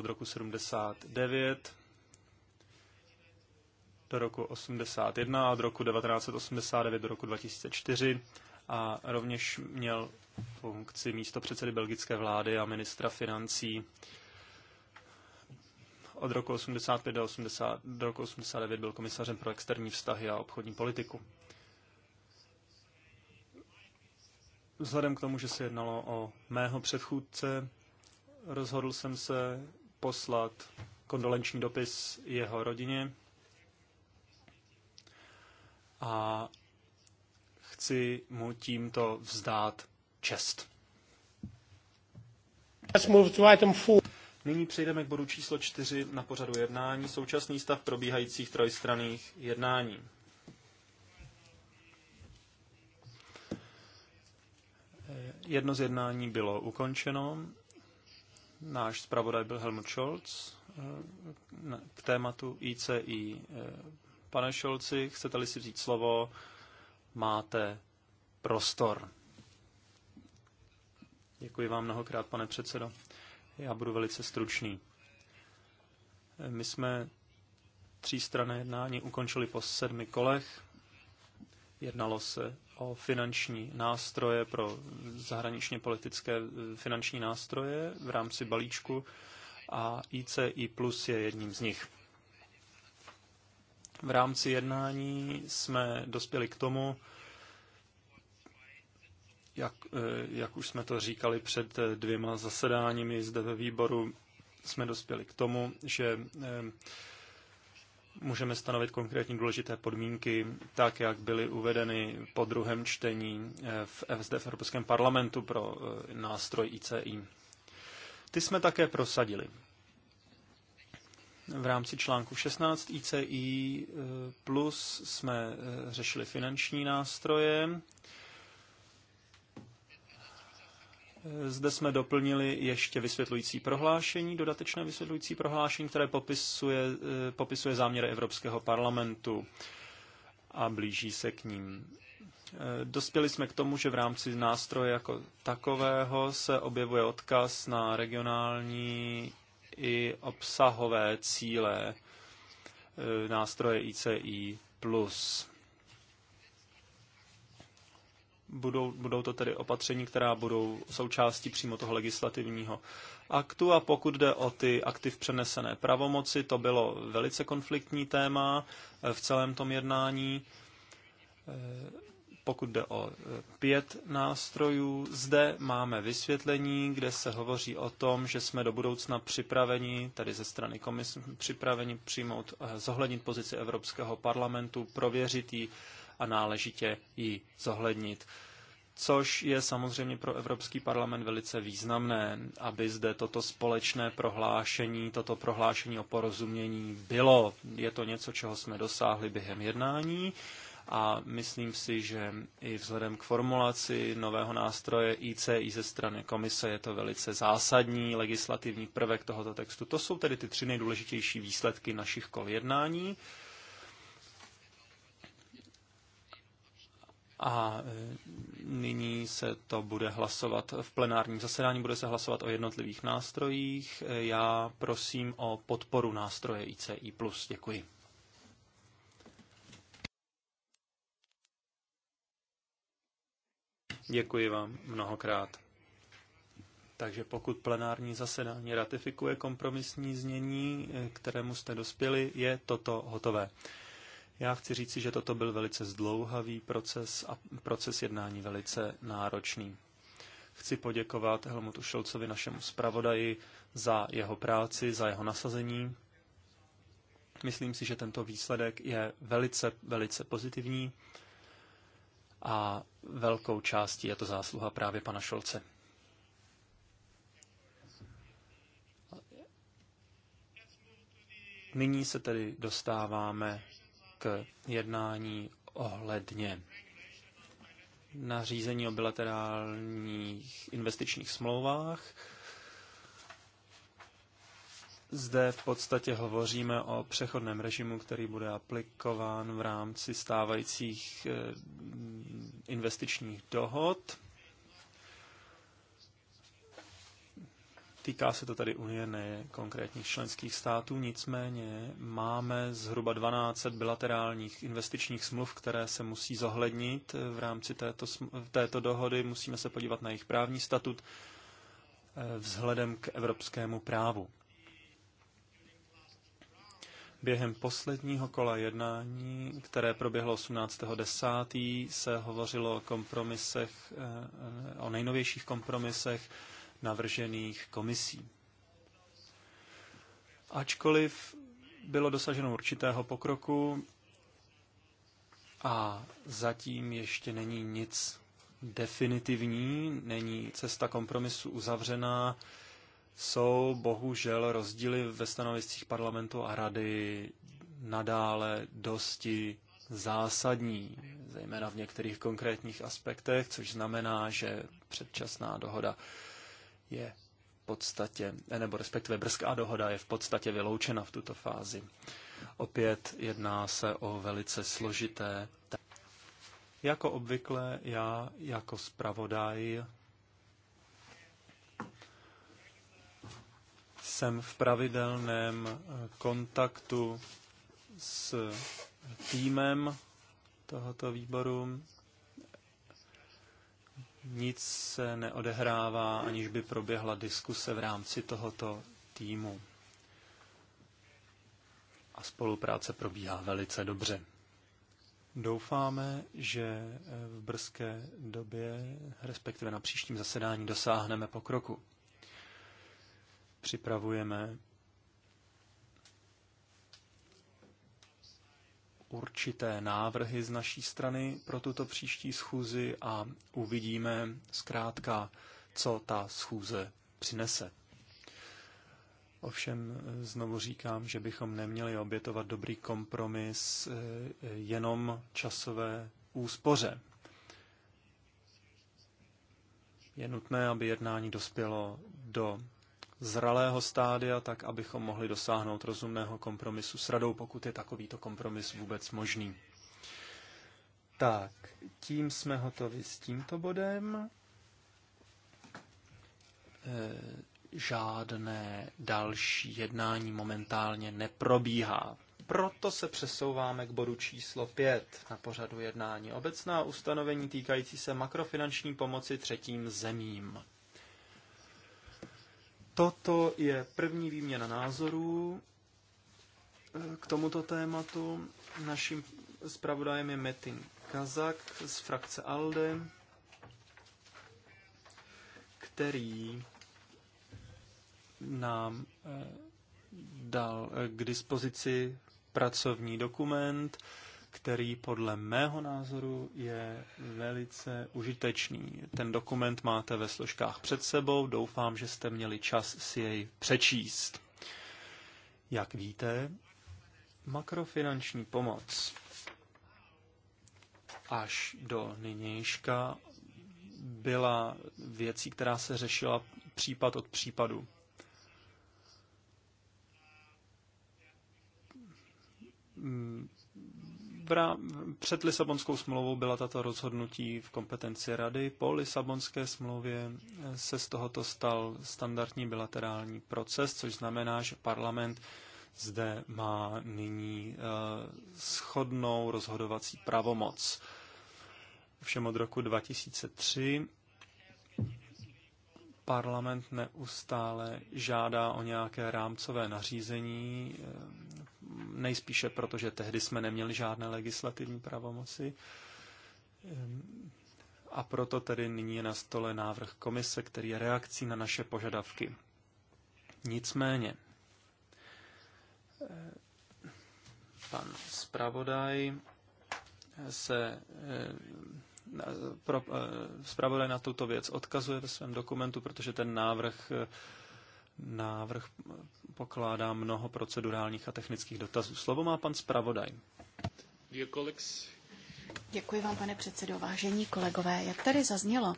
od roku 79 do roku 81 a od roku 1989 do roku 2004 a rovněž měl funkci místo předsedy belgické vlády a ministra financí od roku 85 do, 80, do roku 89 byl komisařem pro externí vztahy a obchodní politiku. Vzhledem k tomu, že se jednalo o mého předchůdce, rozhodl jsem se, poslat kondolenční dopis jeho rodině a chci mu tímto vzdát čest. Nyní přejdeme k bodu číslo 4 na pořadu jednání, současný stav probíhajících trojstranných jednání. Jedno z jednání bylo ukončeno Náš zpravodaj byl Helmut Scholz eh, k tématu ICI. Eh, pane Scholzi, chcete-li si říct slovo, máte prostor. Děkuji vám mnohokrát, pane předsedo. Já budu velice stručný. Eh, my jsme strany jednání ukončili po sedmi kolech. Jednalo se o finanční nástroje pro zahraničně politické eh, finanční nástroje v rámci balíčku a ICI Plus je jedním z nich. V rámci jednání jsme dospěli k tomu, jak, eh, jak už jsme to říkali před eh, dvěma zasedáními zde ve výboru, jsme dospěli k tomu, že můžeme stanovit konkrétní důležité podmínky, tak jak byly uvedeny po druhém čtení eh, v, FSD eh, v Evropském parlamentu pro eh, nástroj ICI. Ty jsme také prosadili. V rámci článku 16 ICI plus jsme řešili finanční nástroje, zde jsme doplnili ještě vysvětlující prohlášení, dodatečné vysvětlující prohlášení, které popisuje, eh, popisuje záměry Evropského parlamentu a blíží se k ním. Eh, dospěli jsme k tomu, že v rámci nástroje jako takového se objevuje odkaz na regionální i obsahové cíle eh, nástroje ICI. plus budou, budou to tedy opatření, která budou součástí přímo toho legislativního aktu. A pokud jde o ty aktiv přenesené pravomoci, to bylo velice konfliktní téma eh, v celém tom jednání. Eh, pokud jde o eh, pět nástrojů, zde máme vysvětlení, kde se hovoří o tom, že jsme do budoucna připraveni, tedy ze strany komise, připraveni přijmout, zohlednit pozici Evropského parlamentu, prověřit ji a náležitě ji zohlednit. Což je samozřejmě pro Evropský parlament velice významné, aby zde toto společné prohlášení, toto prohlášení o porozumění bylo. Je to něco, čeho jsme dosáhli během jednání a myslím si, že i vzhledem k formulaci nového nástroje ICI ze strany komise je to velice zásadní legislativní prvek tohoto textu. To jsou tedy ty tři nejdůležitější výsledky našich kol jednání. a e, nyní se to bude hlasovat v plenárním zasedání, bude se hlasovat o jednotlivých nástrojích. E, já prosím o podporu nástroje ICI+. Děkuji. Děkuji vám mnohokrát. Takže pokud plenární zasedání ratifikuje kompromisní znění, e, kterému jste dospěli, je toto hotové. Já chci říci, že toto byl velice zdlouhavý proces a proces jednání velice náročný. Chci poděkovat Helmutu Šelcovi, našemu zpravodaji, za jeho práci, za jeho nasazení. Myslím si, že tento výsledek je velice, velice pozitivní a velkou částí je to zásluha právě pana Šolce. Nyní se tedy dostáváme k jednání ohledně nařízení o bilaterálních investičních smlouvách. Zde v podstatě hovoříme o přechodném režimu, který bude aplikován v rámci stávajících eh, investičních dohod Týká se to tady Unie, ne konkrétních členských států, nicméně máme zhruba 12 bilaterálních investičních smluv, které se musí zohlednit v rámci této, této dohody. Musíme se podívat na jejich právní statut eh, vzhledem k evropskému právu. Během posledního kola jednání, které proběhlo 18.10., se hovořilo o kompromisech, eh, eh, o nejnovějších kompromisech navržených komisí. Ačkoliv bylo dosaženo určitého pokroku a zatím ještě není nic definitivní, není cesta kompromisu uzavřená, jsou bohužel rozdíly ve stanoviscích parlamentu a rady nadále dosti zásadní, zejména v některých konkrétních aspektech, což znamená, že předčasná dohoda je v podstatě, nebo respektive brzká dohoda je v podstatě vyloučena v tuto fázi. Opět jedná se o velice složité. Jako obvykle já jako zpravodaj jsem v pravidelném eh, kontaktu s týmem tohoto výboru nic se neodehrává, aniž by proběhla diskuse v rámci tohoto týmu. A spolupráce probíhá velice dobře. Doufáme, že eh, v brzké době, respektive na příštím zasedání, dosáhneme pokroku. Připravujeme určité návrhy z naší strany pro tuto příští schůzi a uvidíme zkrátka, co ta schůze přinese. Ovšem znovu říkám, že bychom neměli obětovat dobrý kompromis eh, jenom časové úspoře. Je nutné, aby jednání dospělo do zralého stádia, tak abychom mohli dosáhnout rozumného kompromisu s radou, pokud je takovýto kompromis vůbec možný. Tak, tím jsme hotovi s tímto bodem. E, žádné další jednání momentálně neprobíhá. Proto se přesouváme k bodu číslo 5 na pořadu jednání. Obecná ustanovení týkající se makrofinanční pomoci třetím zemím. Toto je první výměna názorů eh, k tomuto tématu. Naším zpravodajem je Metin Kazak z frakce ALDE, který nám eh, dal eh, k dispozici pracovní dokument, který podle mého názoru je velice užitečný. Ten dokument máte ve složkách před sebou, doufám, že jste měli čas si jej přečíst. Jak víte, makrofinanční pomoc až do nynějška byla věcí, která se řešila případ od případu před Lisabonskou smlouvou byla tato rozhodnutí v kompetenci Rady. Po Lisabonské smlouvě eh, se z tohoto stal standardní bilaterální proces, což znamená, že parlament zde má nyní eh, schodnou rozhodovací pravomoc. Všem od roku 2003 parlament neustále žádá o nějaké rámcové nařízení, eh, nejspíše proto, že tehdy jsme neměli žádné legislativní pravomoci. Ehm, a proto tedy nyní je na stole návrh komise, který je reakcí na naše požadavky. Nicméně, ehm, pan zpravodaj se ehm, pro, zpravodaj na tuto věc odkazuje ve svém dokumentu, protože ten návrh návrh pokládá mnoho procedurálních a technických dotazů. Slovo má pan zpravodaj. Děkuji vám, pane předsedo. Vážení kolegové, jak tady zaznělo,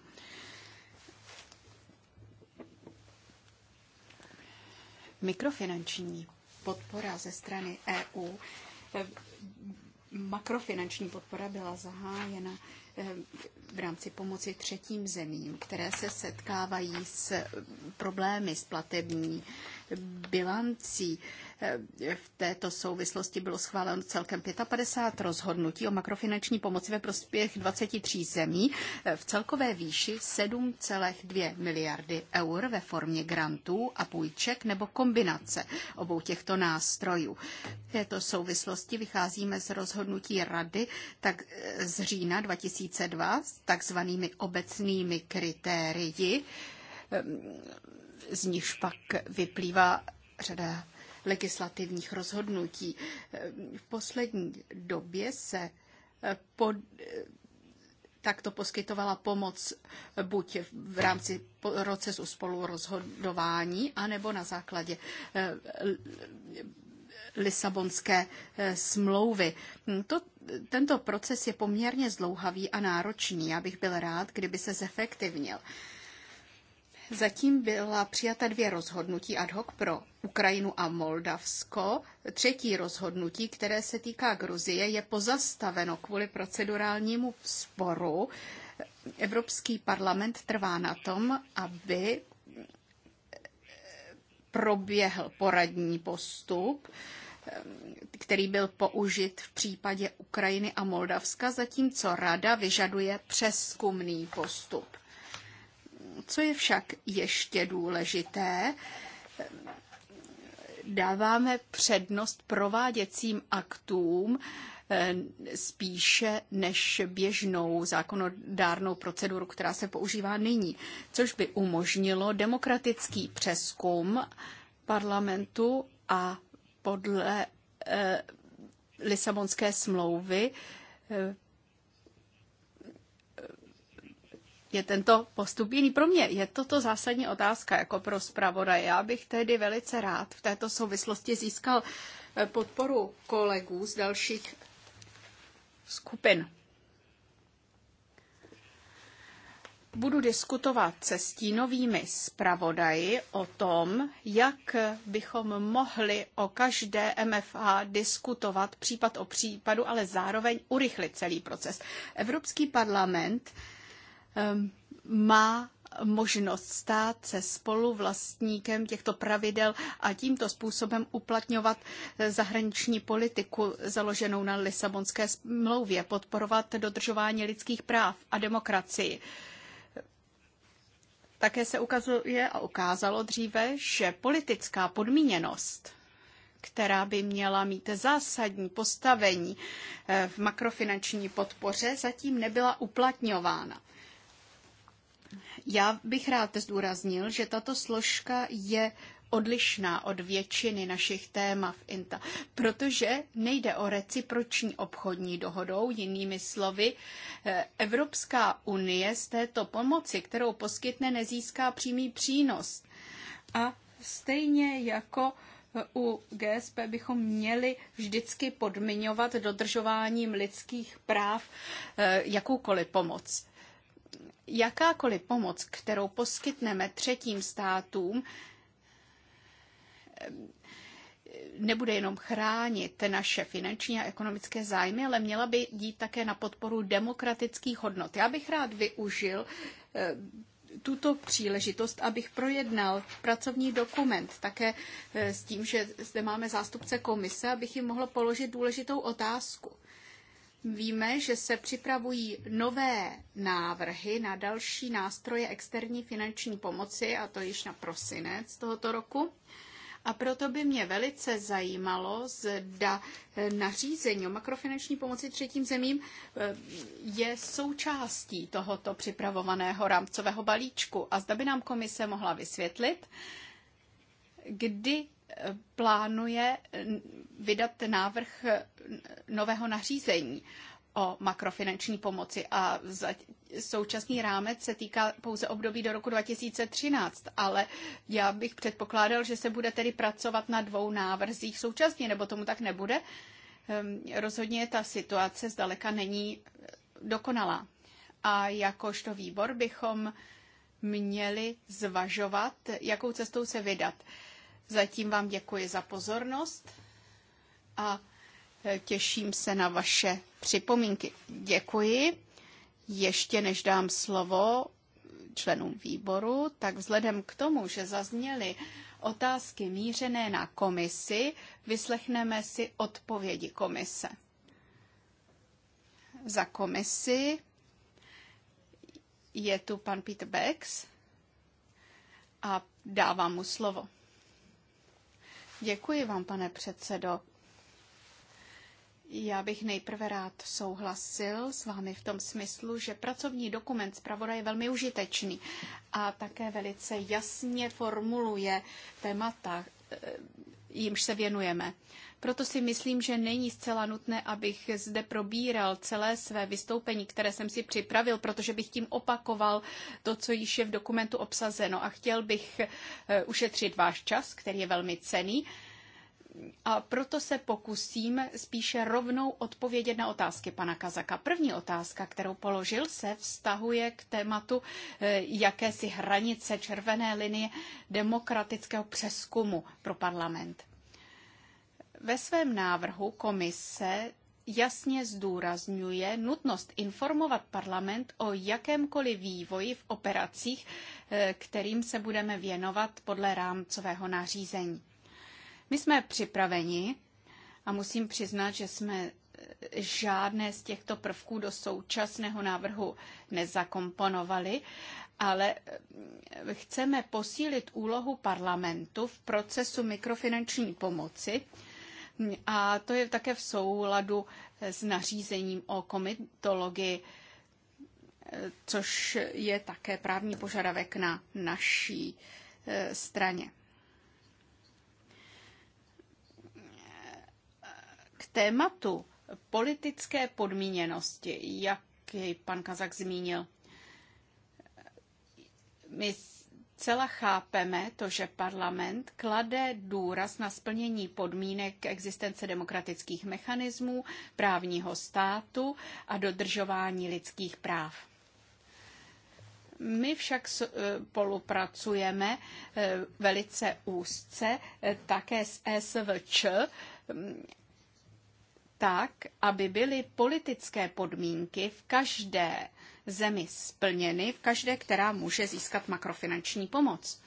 mikrofinanční podpora ze strany EU makrofinanční podpora byla zahájena eh, v rámci pomoci třetím zemím, které se setkávají s problémy s platební bilancí Eh, v této souvislosti bylo schváleno celkem 55 rozhodnutí o makrofinanční pomoci ve prospěch 23 zemí eh, v celkové výši 7,2 miliardy eur ve formě grantů a půjček nebo kombinace obou těchto nástrojů. V této souvislosti vycházíme z rozhodnutí Rady tak eh, z října 2002 s takzvanými obecnými kritérii, z nichž pak vyplývá řada legislativních rozhodnutí. Eh, v poslední době se eh, pod, eh, takto poskytovala pomoc buď v rámci procesu spolurozhodování, anebo na základě Lisabonské smlouvy. Hm, to, tento proces je poměrně zdlouhavý a náročný. Já bych byl rád, kdyby se zefektivnil. Zatím byla přijata dvě rozhodnutí ad hoc pro Ukrajinu a Moldavsko. Třetí rozhodnutí, které se týká Gruzie, je pozastaveno kvůli procedurálnímu sporu. Evropský parlament trvá na tom, aby proběhl poradní postup, který byl použit v případě Ukrajiny a Moldavska, zatímco Rada vyžaduje přeskumný postup. Co je však ještě důležité, dáváme přednost prováděcím aktům eh, spíše než běžnou zákonodárnou proceduru, která se používá nyní, což by umožnilo demokratický přeskum parlamentu a podle eh, Lisabonské smlouvy eh, je tento postup jiný. Pro mě je toto zásadní otázka jako pro zpravodaje. Já bych tedy velice rád v této souvislosti získal eh, podporu kolegů z dalších skupin. Budu diskutovat se stínovými zpravodaji o tom, jak bychom mohli o každé MFA diskutovat případ o případu, ale zároveň urychlit celý proces. Evropský parlament má možnost stát se spoluvlastníkem těchto pravidel a tímto způsobem uplatňovat eh, zahraniční politiku založenou na Lisabonské smlouvě, podporovat dodržování lidských práv a demokracii. Také se ukazuje a ukázalo dříve, že politická podmíněnost která by měla mít zásadní postavení eh, v makrofinanční podpoře, zatím nebyla uplatňována. Já bych rád zdůraznil, že tato složka je odlišná od většiny našich témat v INTA, protože nejde o reciproční obchodní dohodou, jinými slovy, eh, Evropská unie z této pomoci, kterou poskytne, nezíská přímý přínos. A stejně jako eh, u GSP bychom měli vždycky podmiňovat dodržováním lidských práv eh, jakoukoliv pomoc. Jakákoliv pomoc, kterou poskytneme třetím státům, nebude jenom chránit naše finanční a ekonomické zájmy, ale měla by dít také na podporu demokratických hodnot. Já bych rád využil eh, tuto příležitost, abych projednal pracovní dokument, také eh, s tím, že zde máme zástupce komise, abych jim mohl položit důležitou otázku. Víme, že se připravují nové návrhy na další nástroje externí finanční pomoci, a to již na prosinec tohoto roku. A proto by mě velice zajímalo, zda eh, nařízení o makrofinanční pomoci třetím zemím eh, je součástí tohoto připravovaného rámcového balíčku a zda by nám komise mohla vysvětlit, kdy plánuje vydat návrh nového nařízení o makrofinanční pomoci a současný rámec se týká pouze období do roku 2013, ale já bych předpokládal, že se bude tedy pracovat na dvou návrzích současně, nebo tomu tak nebude. Ehm, rozhodně ta situace zdaleka není eh, dokonalá. A jakožto výbor bychom měli zvažovat, jakou cestou se vydat. Zatím vám děkuji za pozornost a e, těším se na vaše připomínky. Děkuji. Ještě než dám slovo členům výboru, tak vzhledem k tomu, že zazněly otázky mířené na komisi, vyslechneme si odpovědi komise. Za komisi je tu pan Peter Becks a dávám mu slovo. Děkuji vám, pane předsedo. Já bych nejprve rád souhlasil s vámi v tom smyslu, že pracovní dokument zpravodaje je velmi užitečný a také velice jasně formuluje témata, eh, jimž se věnujeme. Proto si myslím, že není zcela nutné, abych zde probíral celé své vystoupení, které jsem si připravil, protože bych tím opakoval to, co již je v dokumentu obsazeno. A chtěl bych eh, ušetřit váš čas, který je velmi cený a proto se pokusím spíše rovnou odpovědět na otázky pana Kazaka. První otázka, kterou položil, se vztahuje k tématu eh, jakési hranice červené linie demokratického přeskumu pro parlament. Ve svém návrhu komise jasně zdůrazňuje nutnost informovat parlament o jakémkoliv vývoji v operacích, eh, kterým se budeme věnovat podle rámcového nařízení. My jsme připraveni a musím přiznat, že jsme eh, žádné z těchto prvků do současného návrhu nezakomponovali, ale eh, chceme posílit úlohu parlamentu v procesu mikrofinanční pomoci a to je také v souladu eh, s nařízením o komitologii, což je také právní požadavek na naší straně. tématu politické podmíněnosti, jak pan Kazak zmínil, my celá chápeme to, že parlament klade důraz na splnění podmínek existence demokratických mechanismů, právního státu a dodržování lidských práv. My však e, spolupracujeme e, velice úzce e, také s SVČ tak, aby byly politické podmínky v každé zemi splněny, v každé, která může získat makrofinanční pomoc.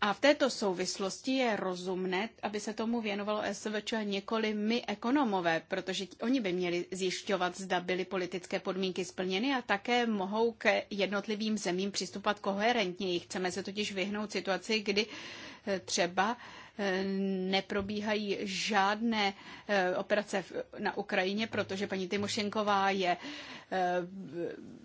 A v této souvislosti je rozumné, aby se tomu věnovalo SVČ nikoli my ekonomové, protože oni by měli zjišťovat, zda byly politické podmínky splněny a také mohou k jednotlivým zemím přistupovat koherentněji. Chceme se totiž vyhnout situaci, kdy eh, třeba neprobíhají žádné eh, operace na Ukrajině, protože paní Tymošenková je Eh,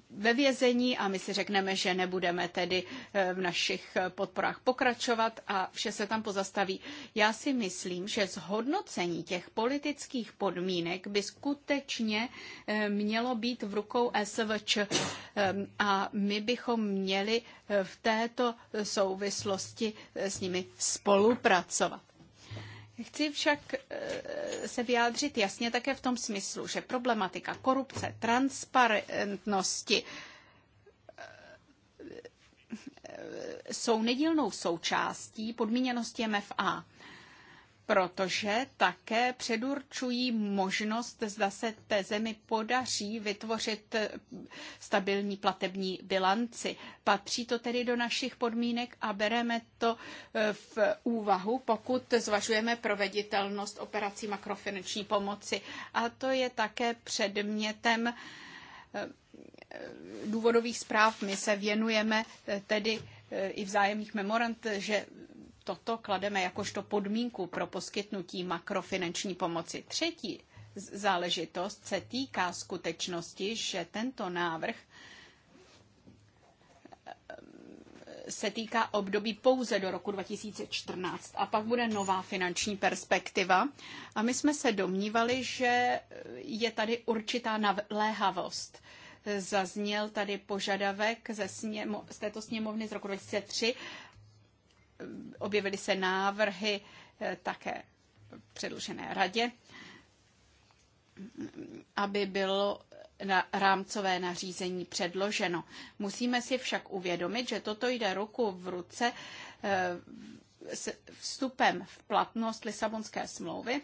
ve vězení a my si řekneme, že nebudeme tedy eh, v našich podporách pokračovat a vše se tam pozastaví. Já si myslím, že zhodnocení těch politických podmínek by skutečně eh, mělo být v rukou SVČ a my bychom měli v této souvislosti s nimi spolupracovat. Chci však eh, se vyjádřit jasně také v tom smyslu, že problematika korupce, transparentnosti eh, jsou nedílnou součástí podmíněnosti MFA protože také předurčují možnost, zda se té zemi podaří vytvořit eh, stabilní platební bilanci. Patří to tedy do našich podmínek a bereme to eh, v úvahu, pokud zvažujeme proveditelnost operací makrofinanční pomoci. A to je také předmětem eh, důvodových zpráv. My se věnujeme tedy i vzájemných memorand, že toto klademe jakožto podmínku pro poskytnutí makrofinanční pomoci. Třetí záležitost se týká skutečnosti, že tento návrh eh, se týká období pouze do roku 2014 a pak bude nová finanční perspektiva. A my jsme se domnívali, že je tady určitá naléhavost. Zazněl tady požadavek ze, sněmo, z této sněmovny z roku 2003, objevily se návrhy eh, také předložené radě, aby bylo na rámcové nařízení předloženo. Musíme si však uvědomit, že toto jde ruku v ruce eh, s vstupem v platnost Lisabonské smlouvy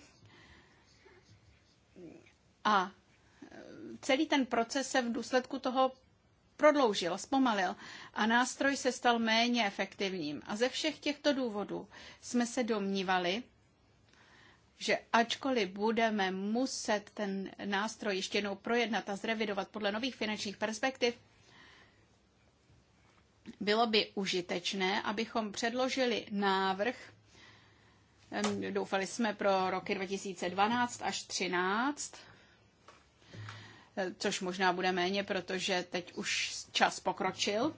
a celý ten proces se v důsledku toho prodloužil, zpomalil a nástroj se stal méně efektivním. A ze všech těchto důvodů jsme se domnívali, že ačkoliv budeme muset ten nástroj ještě jednou projednat a zrevidovat podle nových finančních perspektiv, bylo by užitečné, abychom předložili návrh, doufali jsme pro roky 2012 až 2013, Eh, což možná bude méně, protože teď už čas pokročil.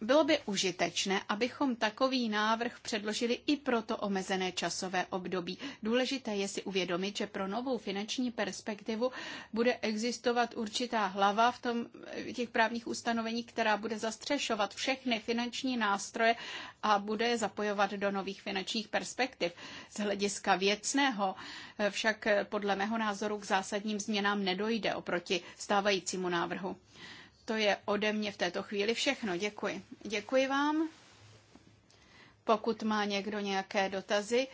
Bylo by užitečné, abychom takový návrh předložili i pro to omezené časové období. Důležité je si uvědomit, že pro novou finanční perspektivu bude existovat určitá hlava v tom, v těch právních ustanovení, která bude zastřešovat všechny finanční nástroje a bude je zapojovat do nových finančních perspektiv. Z hlediska věcného eh, však podle mého názoru k zásadním změnám nedojde oproti stávajícímu návrhu. To je ode mě v této chvíli všechno. Děkuji. Děkuji vám. Pokud má někdo nějaké dotazy,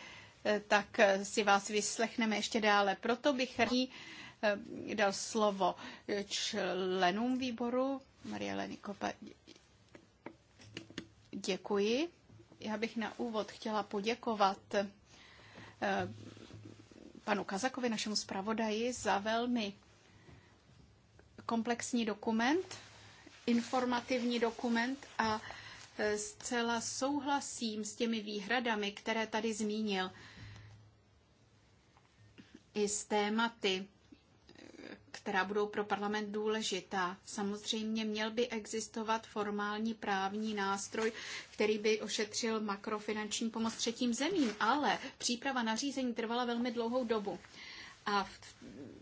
eh, tak eh, si vás vyslechneme ještě dále. Proto bych rád eh, dal slovo členům výboru. Maria Lenikopa, děkuji. Já bych na úvod chtěla poděkovat panu Kazakovi, našemu zpravodaji, za velmi komplexní dokument, informativní dokument a e, zcela souhlasím s těmi výhradami, které tady zmínil. I s tématy, e, která budou pro parlament důležitá. Samozřejmě měl by existovat formální právní nástroj, který by ošetřil makrofinanční pomoc třetím zemím, ale příprava nařízení trvala velmi dlouhou dobu. A v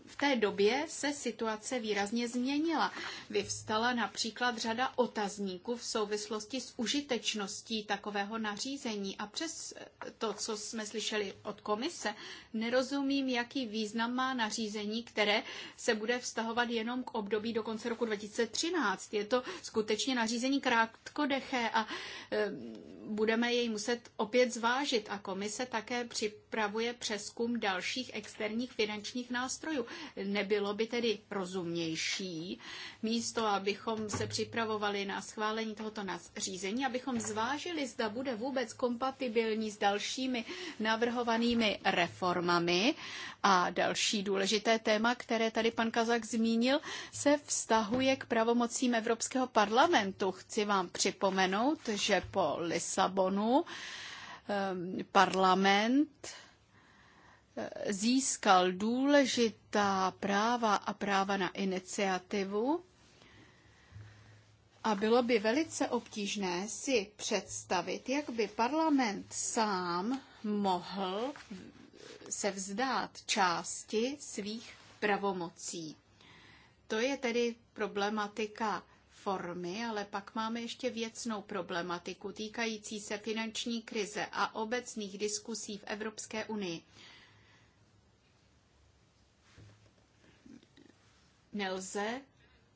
v té době se situace výrazně změnila. Vyvstala například řada otazníků v souvislosti s užitečností takového nařízení a přes to, co jsme slyšeli od komise, nerozumím, jaký význam má nařízení, které se bude vztahovat jenom k období do konce roku 2013. Je to skutečně nařízení krátkodeché a e, budeme jej muset opět zvážit a komise také připravuje přeskum dalších externích finančních nástrojů. Nebylo by tedy rozumnější, místo abychom se připravovali na schválení tohoto řízení, abychom zvážili, zda bude vůbec kompatibilní s dalšími navrhovanými reformami. A další důležité téma, které tady pan Kazak zmínil, se vztahuje k pravomocím Evropského parlamentu. Chci vám připomenout, že po Lisabonu ehm, parlament získal důležitá práva a práva na iniciativu a bylo by velice obtížné si představit, jak by parlament sám mohl se vzdát části svých pravomocí. To je tedy problematika formy, ale pak máme ještě věcnou problematiku týkající se finanční krize a obecných diskusí v Evropské unii. Nelze,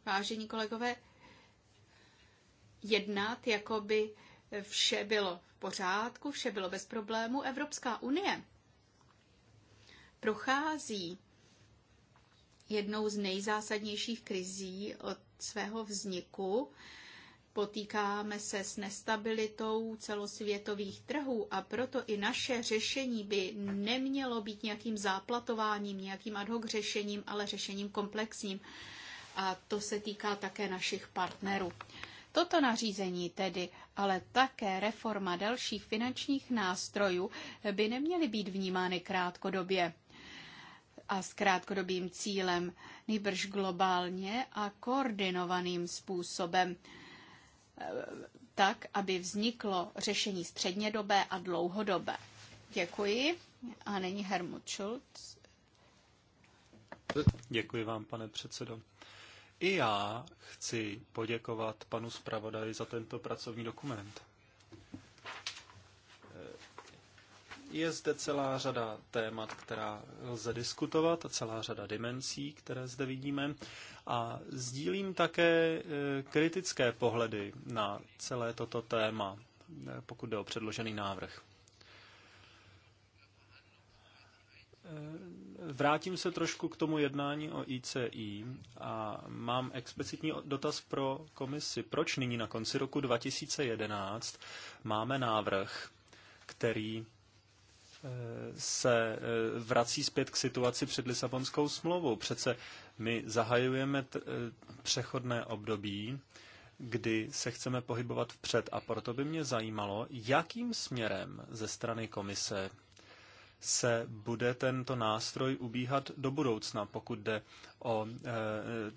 vážení kolegové, jednat, jako by vše bylo v pořádku, vše bylo bez problémů. Evropská unie prochází jednou z nejzásadnějších krizí od svého vzniku Potýkáme se s nestabilitou celosvětových trhů a proto i naše řešení by nemělo být nějakým záplatováním, nějakým ad hoc řešením, ale řešením komplexním. A to se týká také našich partnerů. Toto nařízení tedy, ale také reforma dalších finančních nástrojů by neměly být vnímány krátkodobě a s krátkodobým cílem, nejbrž globálně a koordinovaným způsobem tak, aby vzniklo řešení střednědobé a dlouhodobé. Děkuji. A není Hermut Schulz. Děkuji vám, pane předsedo. I já chci poděkovat panu zpravodaji za tento pracovní dokument. Je zde celá řada témat, která lze diskutovat a celá řada dimenzí, které zde vidíme. A sdílím také e, kritické pohledy na celé toto téma, e, pokud jde o předložený návrh. E, vrátím se trošku k tomu jednání o ICI a mám explicitní dotaz pro komisi. Proč nyní na konci roku 2011 máme návrh, který se e, vrací zpět k situaci před Lisabonskou smlouvou. Přece my zahajujeme e, přechodné období, kdy se chceme pohybovat vpřed. A proto by mě zajímalo, jakým směrem ze strany komise se bude tento nástroj ubíhat do budoucna, pokud jde o eh,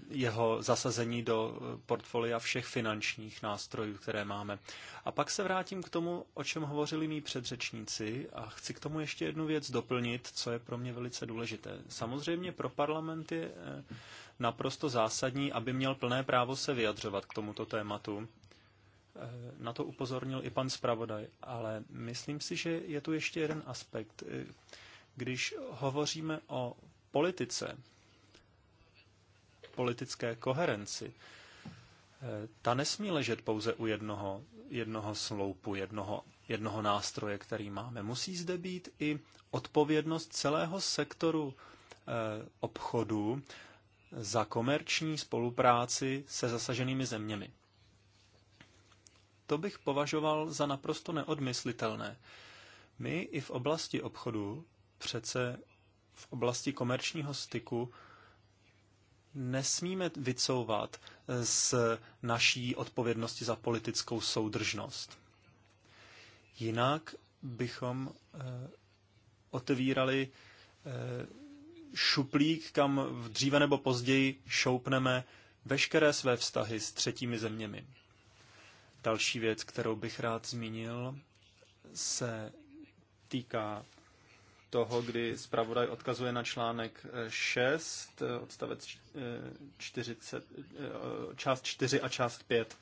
jeho zasazení do portfolia všech finančních nástrojů, které máme. A pak se vrátím k tomu, o čem hovořili mý předřečníci a chci k tomu ještě jednu věc doplnit, co je pro mě velice důležité. Samozřejmě pro parlament je eh, naprosto zásadní, aby měl plné právo se vyjadřovat k tomuto tématu Eh, na to upozornil i pan zpravodaj, ale myslím si, že je tu ještě jeden aspekt. Eh, když hovoříme o politice, politické koherenci, eh, ta nesmí ležet pouze u jednoho, jednoho sloupu, jednoho, jednoho nástroje, který máme. Musí zde být i odpovědnost celého sektoru obchodu za komerční spolupráci se zasaženými zeměmi. To bych považoval za naprosto neodmyslitelné. My i v oblasti obchodu, přece v oblasti komerčního styku, nesmíme vycouvat z naší odpovědnosti za politickou soudržnost. Jinak bychom eh, otevírali eh, šuplík, kam dříve nebo později šoupneme veškeré své vztahy s třetími zeměmi. Další věc, kterou bych rád zmínil, se týká toho, kdy zpravodaj odkazuje na článek 6, eh, eh, odstavec 40, eh, část 4 a část 5.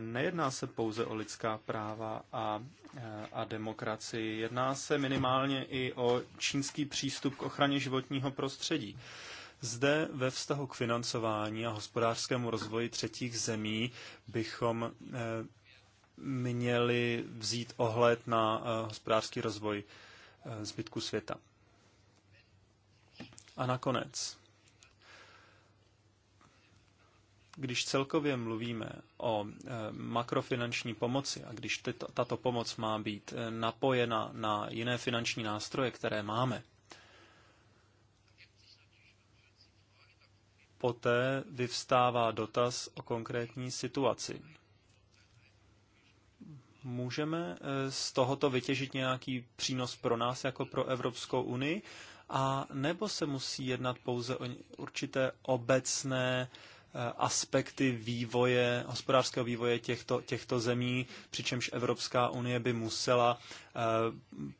Nejedná se pouze o lidská práva a, a demokracii, jedná se minimálně i o čínský přístup k ochraně životního prostředí. Zde ve vztahu k financování a hospodářskému rozvoji třetích zemí bychom eh, měli vzít ohled na eh, hospodářský rozvoj eh, zbytku světa. A nakonec, když celkově mluvíme o makrofinanční pomoci a když tato pomoc má být napojena na jiné finanční nástroje, které máme, poté vyvstává dotaz o konkrétní situaci. Můžeme eh, z tohoto vytěžit nějaký přínos pro nás jako pro Evropskou unii, a nebo se musí jednat pouze o určité obecné uh, Eh, aspekty vývoje, hospodářského vývoje těchto, těchto zemí, přičemž Evropská unie by musela eh,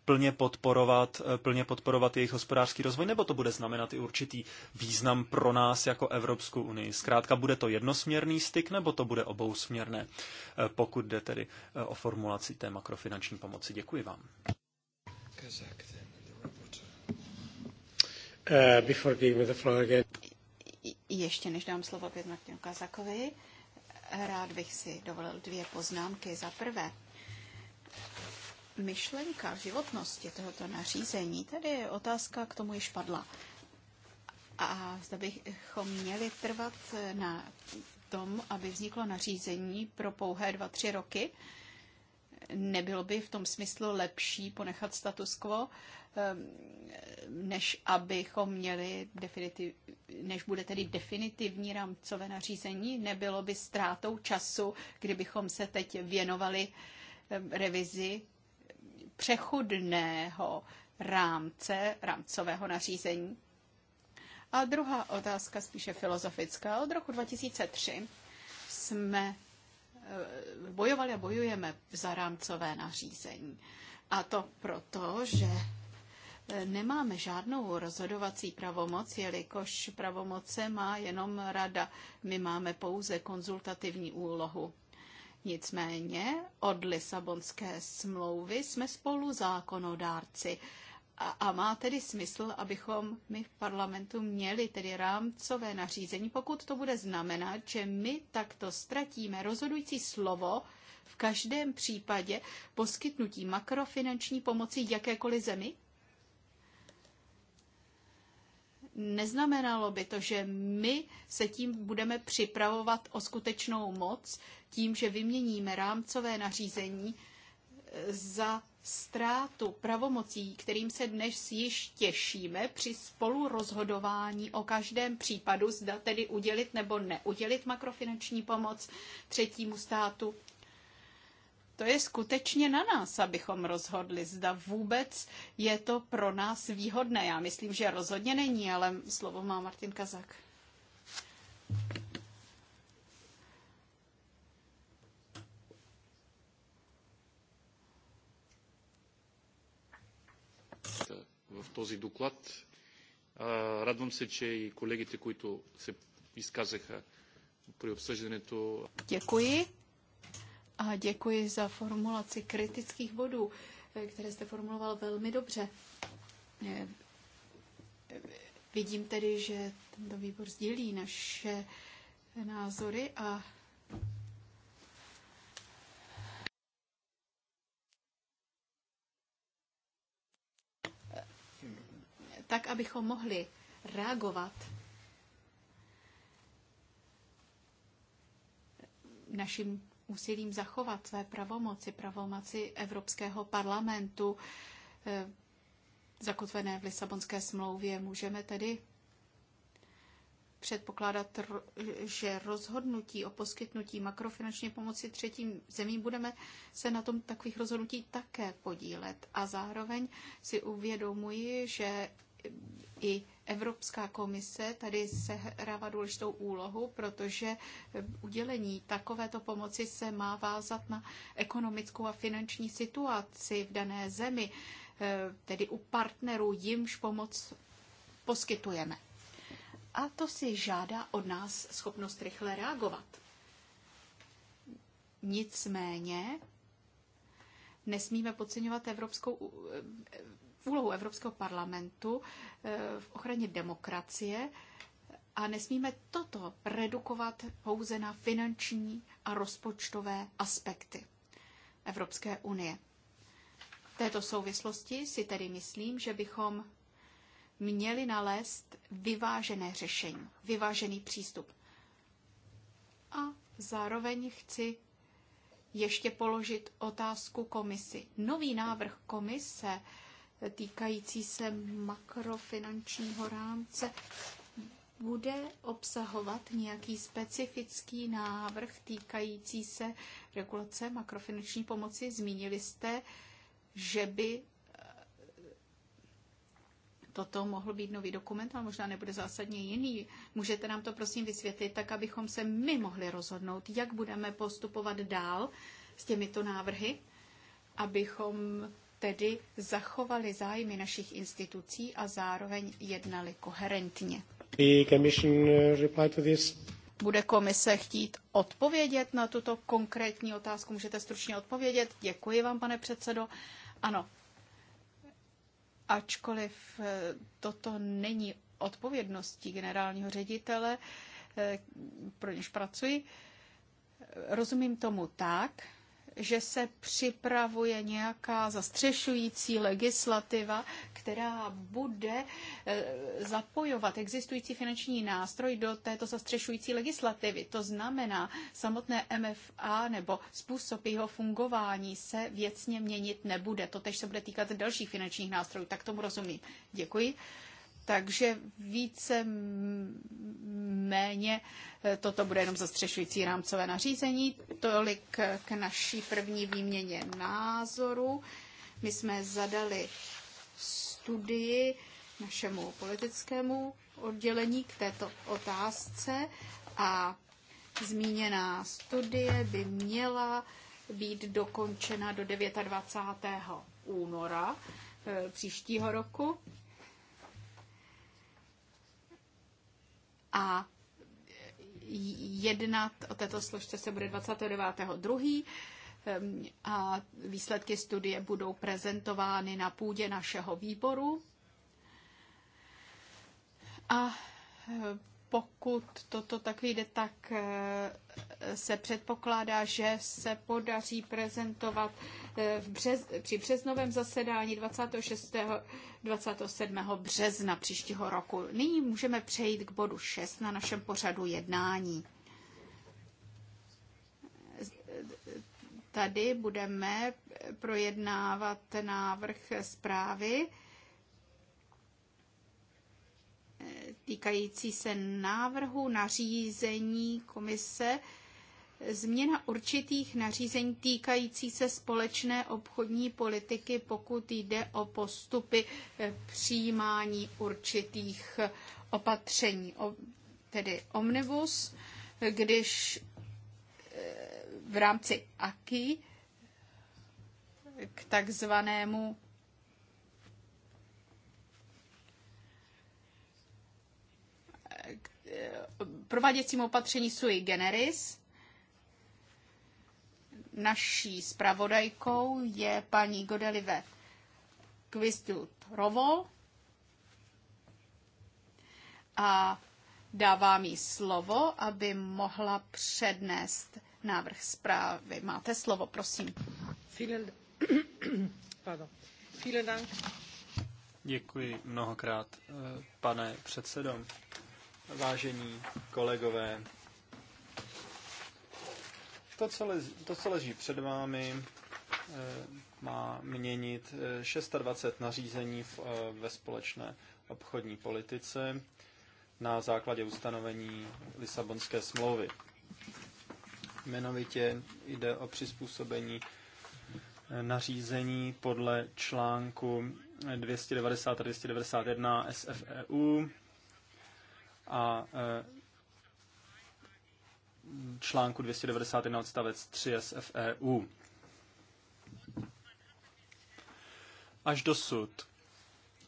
plně podporovat, eh, plně podporovat jejich hospodářský rozvoj, nebo to bude znamenat i určitý význam pro nás jako Evropskou unii. Zkrátka, bude to jednosměrný styk, nebo to bude obousměrné, pokud jde tedy o formulaci té makrofinanční pomoci. Děkuji vám. Uh, before giving the floor again ještě než dám slovo opět Martinu Kazakovi, rád bych si dovolil dvě poznámky. Za prvé, myšlenka životnosti tohoto nařízení, tady je otázka k tomu již padla. A zda bychom měli trvat na tom, aby vzniklo nařízení pro pouhé dva, tři roky, nebylo by v tom smyslu lepší ponechat status quo, ehm, než abychom měli definitiv, než bude tedy definitivní rámcové nařízení, nebylo by ztrátou času, kdybychom se teď věnovali ehm, revizi přechodného rámce, rámcového nařízení. A druhá otázka, spíše filozofická. Od roku 2003 jsme Eh, bojovali a bojujeme za rámcové nařízení. A to proto, že eh, nemáme žádnou rozhodovací pravomoc, jelikož pravomoce má jenom rada. My máme pouze konzultativní úlohu. Nicméně od Lisabonské smlouvy jsme spolu zákonodárci a, a má tedy smysl, abychom my v parlamentu měli tedy rámcové nařízení, pokud to bude znamenat, že my takto ztratíme rozhodující slovo v každém případě poskytnutí makrofinanční pomoci jakékoliv zemi? Neznamenalo by to, že my se tím budeme připravovat o skutečnou moc, tím, že vyměníme rámcové nařízení za ztrátu pravomocí, kterým se dnes již těšíme při spolurozhodování o každém případu, zda tedy udělit nebo neudělit makrofinanční pomoc třetímu státu. To je skutečně na nás, abychom rozhodli, zda vůbec je to pro nás výhodné. Já myslím, že rozhodně není, ale slovo má Martin Kazak. този доклад. Радвам се, че и колегите, които се изказаха при обсъждането. Děkuji. A děkuji za formulaci kritických bodů, eh, které jste formuloval velmi dobře. Eh, vidím tedy, že tento výbor sdílí naše názory a tak abychom mohli reagovat naším úsilím zachovat své pravomoci, pravomoci Evropského parlamentu eh, zakotvené v Lisabonské smlouvě. Můžeme tedy předpokládat, že rozhodnutí o poskytnutí makrofinanční pomoci třetím zemím budeme se na tom takových rozhodnutí také podílet. A zároveň si uvědomuji, že i Evropská komise tady sehrává důležitou úlohu, protože eh, udělení takovéto pomoci se má vázat na ekonomickou a finanční situaci v dané zemi, eh, tedy u partnerů, jimž pomoc poskytujeme. A to si žádá od nás schopnost rychle reagovat. Nicméně nesmíme podceňovat Evropskou úlohu Evropského parlamentu eh, v ochraně demokracie a nesmíme toto redukovat pouze na finanční a rozpočtové aspekty Evropské unie. V této souvislosti si tedy myslím, že bychom měli nalézt vyvážené řešení, vyvážený přístup. A zároveň chci ještě položit otázku komisi. Nový návrh komise týkající se makrofinančního rámce bude obsahovat nějaký specifický návrh týkající se regulace makrofinanční pomoci. Zmínili jste, že by eh, toto mohl být nový dokument, ale možná nebude zásadně jiný. Můžete nám to prosím vysvětlit, tak abychom se my mohli rozhodnout, jak budeme postupovat dál s těmito návrhy, abychom tedy zachovali zájmy našich institucí a zároveň jednali koherentně. Eh, Bude komise chtít odpovědět na tuto konkrétní otázku? Můžete stručně odpovědět? Děkuji vám, pane předsedo. Ano, ačkoliv eh, toto není odpovědností generálního ředitele, eh, pro něž pracuji, rozumím tomu tak, že se připravuje nějaká zastřešující legislativa, která bude eh, zapojovat existující finanční nástroj do této zastřešující legislativy. To znamená, samotné MFA nebo způsob jeho fungování se věcně měnit nebude. To tež se bude týkat dalších finančních nástrojů. Tak tomu rozumím. Děkuji takže více méně eh, toto bude jenom zastřešující rámcové nařízení. Tolik eh, k naší první výměně názoru. My jsme zadali studii našemu politickému oddělení k této otázce a zmíněná studie by měla být dokončena do 29. února eh, příštího roku a jednat o této složce se bude 29.2. Ehm, a výsledky studie budou prezentovány na půdě našeho výboru. A e, pokud toto tak vyjde, tak e, se předpokládá, že se podaří prezentovat Eh, v břez, při březnovém zasedání 26. 27. března příštího roku. Nyní můžeme přejít k bodu 6 na našem pořadu jednání. Tady budeme projednávat návrh zprávy týkající se návrhu nařízení komise změna určitých nařízení týkající se společné obchodní politiky, pokud jde o postupy eh, přijímání určitých eh, opatření, tedy omnibus, eh, když v rámci AKI k takzvanému prováděcímu opatření sui generis, Naší zpravodajkou je paní Godelive Kvistutrovo a dávám jí slovo, aby mohla přednést návrh zprávy. Máte slovo, prosím. Děkuji mnohokrát, eh, pane předsedo. Vážení kolegové, to co, leží, to, co leží před vámi, eh, má měnit 26 eh, nařízení v, eh, ve společné obchodní politice na základě ustanovení Lisabonské smlouvy. Jmenovitě jde o přizpůsobení nařízení podle článku 290 a 291 SFEU a článku 291 odstavec 3 SFEU. Až dosud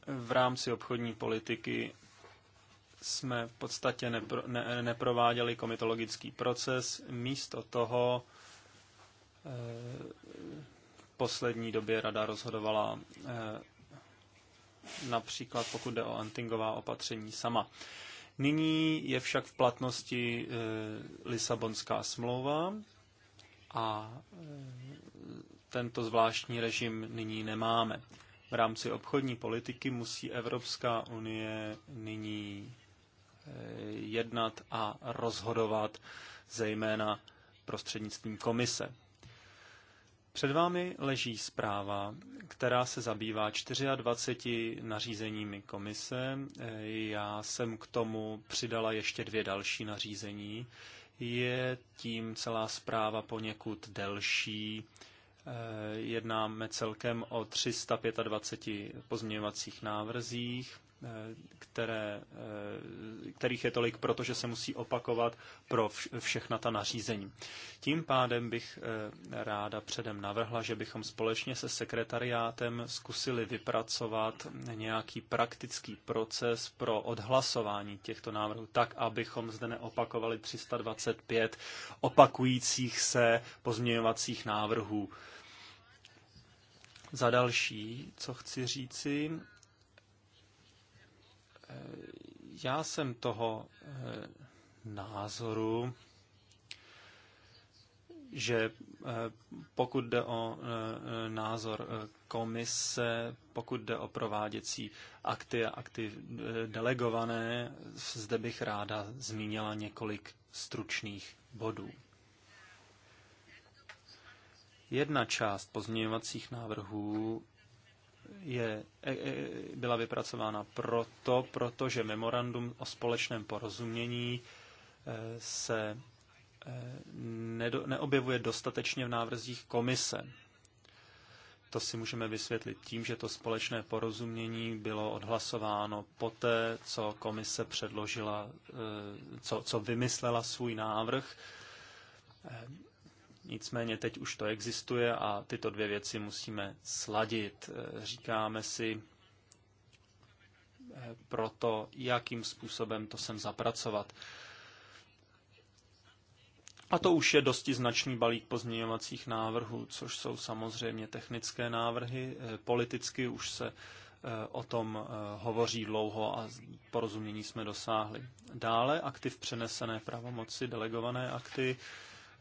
v rámci obchodní politiky jsme v podstatě nepro, ne, neprováděli komitologický proces. Místo toho e, v poslední době rada rozhodovala e, například pokud jde o antingová opatření sama. E, Nyní je však v platnosti eh, Lisabonská smlouva a eh, tento zvláštní režim nyní nemáme. V rámci obchodní politiky musí Evropská unie nyní eh, jednat a rozhodovat, zejména prostřednictvím komise. Před vámi leží zpráva, která se zabývá 24 nařízeními komise. Já jsem k tomu přidala ještě dvě další nařízení. Je tím celá zpráva poněkud delší. Eh, jednáme celkem o 325 pozměňovacích návrzích Eh, které, eh, kterých je tolik, protože se musí opakovat pro všechna ta nařízení. Tím pádem bych eh, ráda předem navrhla, že bychom společně se sekretariátem zkusili vypracovat nějaký praktický proces pro odhlasování těchto návrhů, tak, abychom zde neopakovali 325 opakujících se pozměňovacích návrhů. Za další, co chci říci, já jsem toho eh, názoru, že eh, pokud jde o eh, názor komise, pokud jde o prováděcí akty a akty delegované, zde bych ráda zmínila několik stručných bodů. Jedna část pozměňovacích návrhů je, e, e, byla vypracována proto, protože memorandum o společném porozumění e, se neobjevuje dostatečně v návrzích komise. To si můžeme vysvětlit tím, že to společné porozumění bylo odhlasováno poté, co komise předložila, co, co vymyslela svůj návrh Nicméně teď už to existuje a tyto dvě věci musíme sladit. Eh, říkáme si eh, proto, jakým způsobem to sem zapracovat. A to už je dosti značný balík pozměňovacích návrhů, což jsou samozřejmě technické návrhy. Eh, politicky už se o tom hovoří dlouho a porozumění jsme dosáhli. Dále aktiv přenesené pravomoci, delegované akty.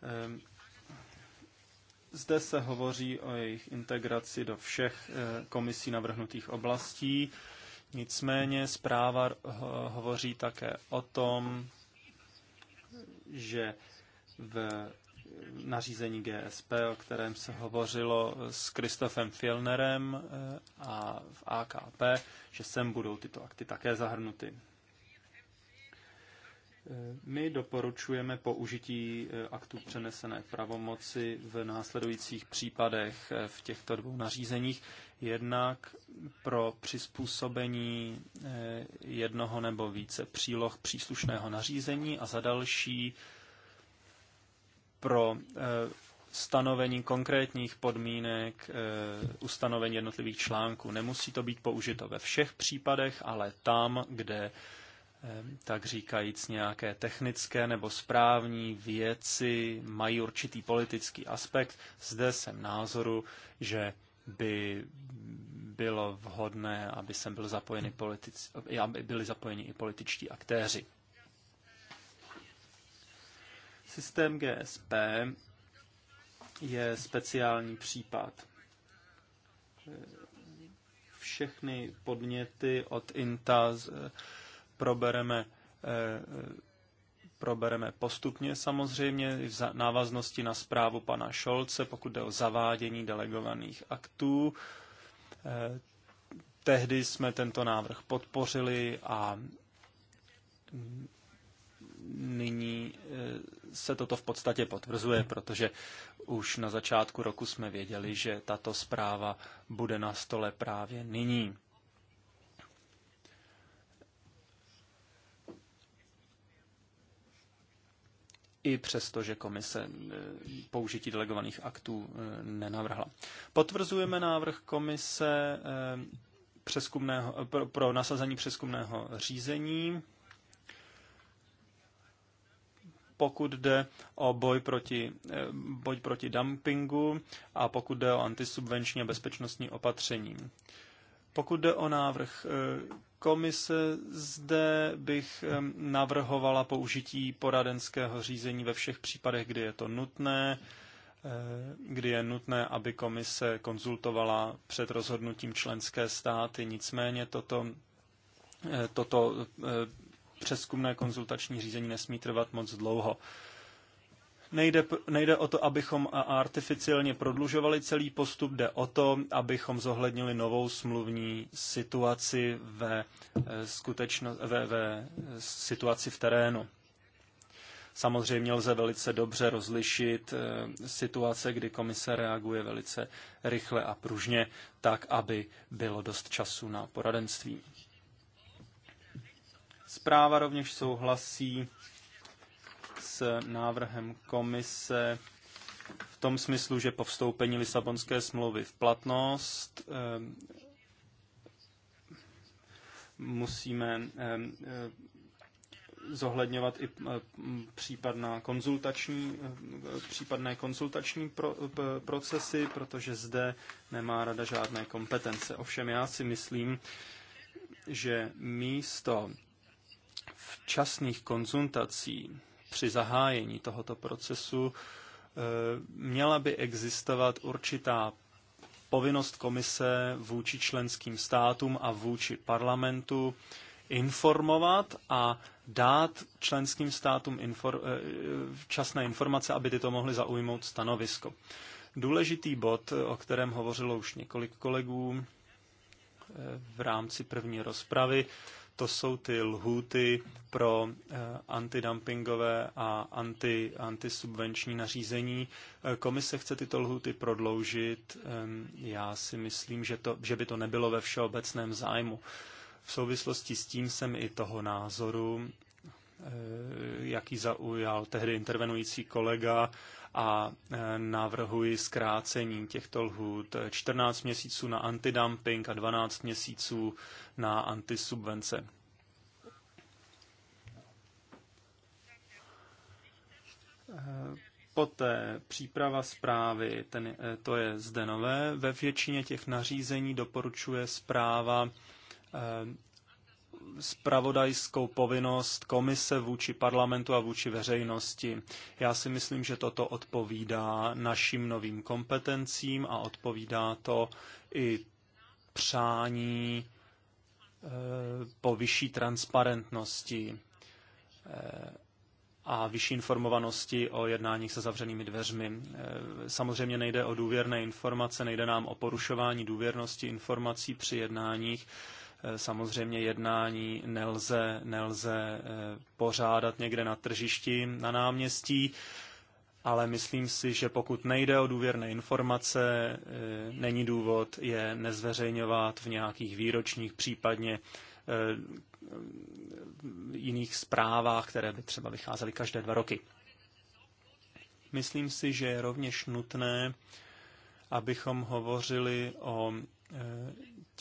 Ehm, zde se hovoří o jejich integraci do všech eh, komisí navrhnutých oblastí. Nicméně zpráva hovoří také o tom, že v nařízení GSP, o kterém se hovořilo s Kristofem Filnerem eh, a v AKP, že sem budou tyto akty také zahrnuty. My doporučujeme použití eh, aktů přenesené pravomoci v následujících případech eh, v těchto dvou nařízeních. Jednak pro přizpůsobení eh, jednoho nebo více příloh příslušného nařízení a za další pro stanovení konkrétních podmínek ustanovení jednotlivých článků. Nemusí to být použito ve všech případech, ale tam, kde tak říkajíc nějaké technické nebo správní věci mají určitý politický aspekt. Zde jsem názoru, že by bylo vhodné, aby sem byl zapojeni politici, aby byli zapojeni i političtí aktéři. Systém GSP je speciální případ. Všechny podněty od INTA z, probereme, eh, probereme postupně samozřejmě v návaznosti na zprávu pana Šolce, pokud jde o zavádění delegovaných aktů. Eh, tehdy jsme tento návrh podpořili a nyní eh, se toto v podstatě potvrzuje, protože už na začátku roku jsme věděli, že tato zpráva bude na stole právě nyní. i přesto, že komise e, použití delegovaných aktů e, nenavrhla. Potvrzujeme návrh komise e, přeskumného, pro, pro nasazení přeskumného řízení, pokud jde o boj proti, boj proti dumpingu a pokud jde o antisubvenční a bezpečnostní opatření. Pokud jde o návrh komise, zde bych navrhovala použití poradenského řízení ve všech případech, kdy je to nutné, eh, kdy je nutné, aby komise konzultovala před rozhodnutím členské státy. Nicméně toto, eh, toto eh, přeskumné konzultační řízení nesmí trvat moc dlouho. Nejde, nejde o to, abychom artificiálně prodlužovali celý postup, jde o to, abychom zohlednili novou smluvní situaci ve, e, skutečno, ve, ve e, situaci v terénu. Samozřejmě lze velice dobře rozlišit e, situace, kdy komise reaguje velice rychle a pružně, tak, aby bylo dost času na poradenství. Zpráva rovněž souhlasí návrhem komise v tom smyslu, že po vstoupení Lisabonské smlouvy v platnost ehm, musíme ehm, ehm, zohledňovat i e, případná konzultační, e, případné konzultační e, procesy, protože zde nemá rada žádné kompetence. Ovšem já si myslím, že místo včasných konzultací při zahájení tohoto procesu eh, měla by existovat určitá povinnost komise vůči členským státům a vůči parlamentu informovat a dát členským státům infor, eh, časné informace, aby tyto mohly zaujmout stanovisko. Důležitý bod, o kterém hovořilo už několik kolegů eh, v rámci první rozpravy, to jsou ty lhůty pro eh, antidumpingové a anti, antisubvenční nařízení. Eh, komise chce tyto lhůty prodloužit. Ehm, já si myslím, že, to, že by to nebylo ve všeobecném zájmu. V souvislosti s tím jsem i toho názoru, eh, jaký zaujal tehdy intervenující kolega a e, navrhuji zkrácení těchto lhůt 14 měsíců na antidumping a 12 měsíců na antisubvence. E, poté příprava zprávy, ten, e, to je zde nové. Ve většině těch nařízení doporučuje zpráva spravodajskou povinnost komise vůči parlamentu a vůči veřejnosti. Já si myslím, že toto odpovídá našim novým kompetencím a odpovídá to i přání eh, po vyšší transparentnosti eh, a vyšší informovanosti o jednáních se zavřenými dveřmi. Eh, samozřejmě nejde o důvěrné informace, nejde nám o porušování důvěrnosti informací při jednáních, Eh, samozřejmě jednání nelze, nelze eh, pořádat někde na tržišti, na náměstí, ale myslím si, že pokud nejde o důvěrné informace, eh, není důvod je nezveřejňovat v nějakých výročních, případně jiných zprávách, které by třeba vycházely každé dva roky. Myslím si, že je rovněž nutné, abychom hovořili o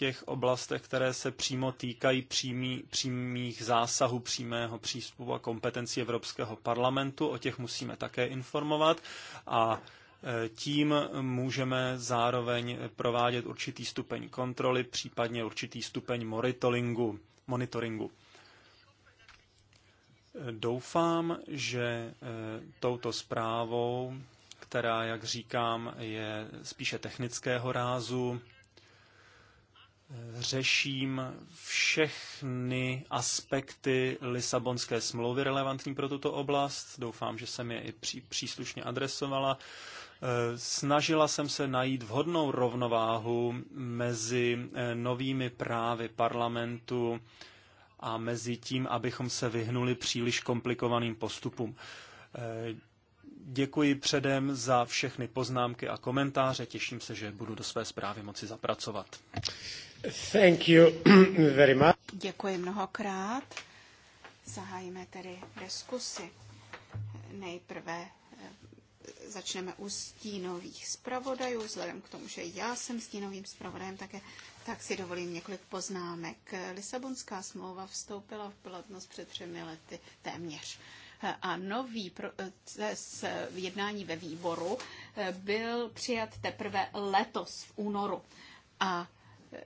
těch oblastech, které se přímo týkají přímý, přímých zásahů, přímého přístupu a kompetencí Evropského parlamentu. O těch musíme také informovat a e, tím můžeme zároveň provádět určitý stupeň kontroly, případně určitý stupeň monitoringu. monitoringu. Doufám, že e, touto zprávou, která, jak říkám, je spíše technického rázu, řeším všechny aspekty Lisabonské smlouvy relevantní pro tuto oblast. Doufám, že jsem je i pří, příslušně adresovala. Eh, snažila jsem se najít vhodnou rovnováhu mezi eh, novými právy parlamentu a mezi tím, abychom se vyhnuli příliš komplikovaným postupům. Eh, Děkuji předem za všechny poznámky a komentáře. Těším se, že budu do své zprávy moci zapracovat. Thank you very much. Děkuji mnohokrát. Zahájíme tedy diskusi. Nejprve eh, začneme u stínových zpravodajů. Vzhledem k tomu, že já jsem stínovým zpravodajem také, tak si dovolím několik poznámek. Lisabonská smlouva vstoupila v platnost před třemi lety téměř a nový proces jednání ve výboru eh, byl přijat teprve letos v únoru. A eh,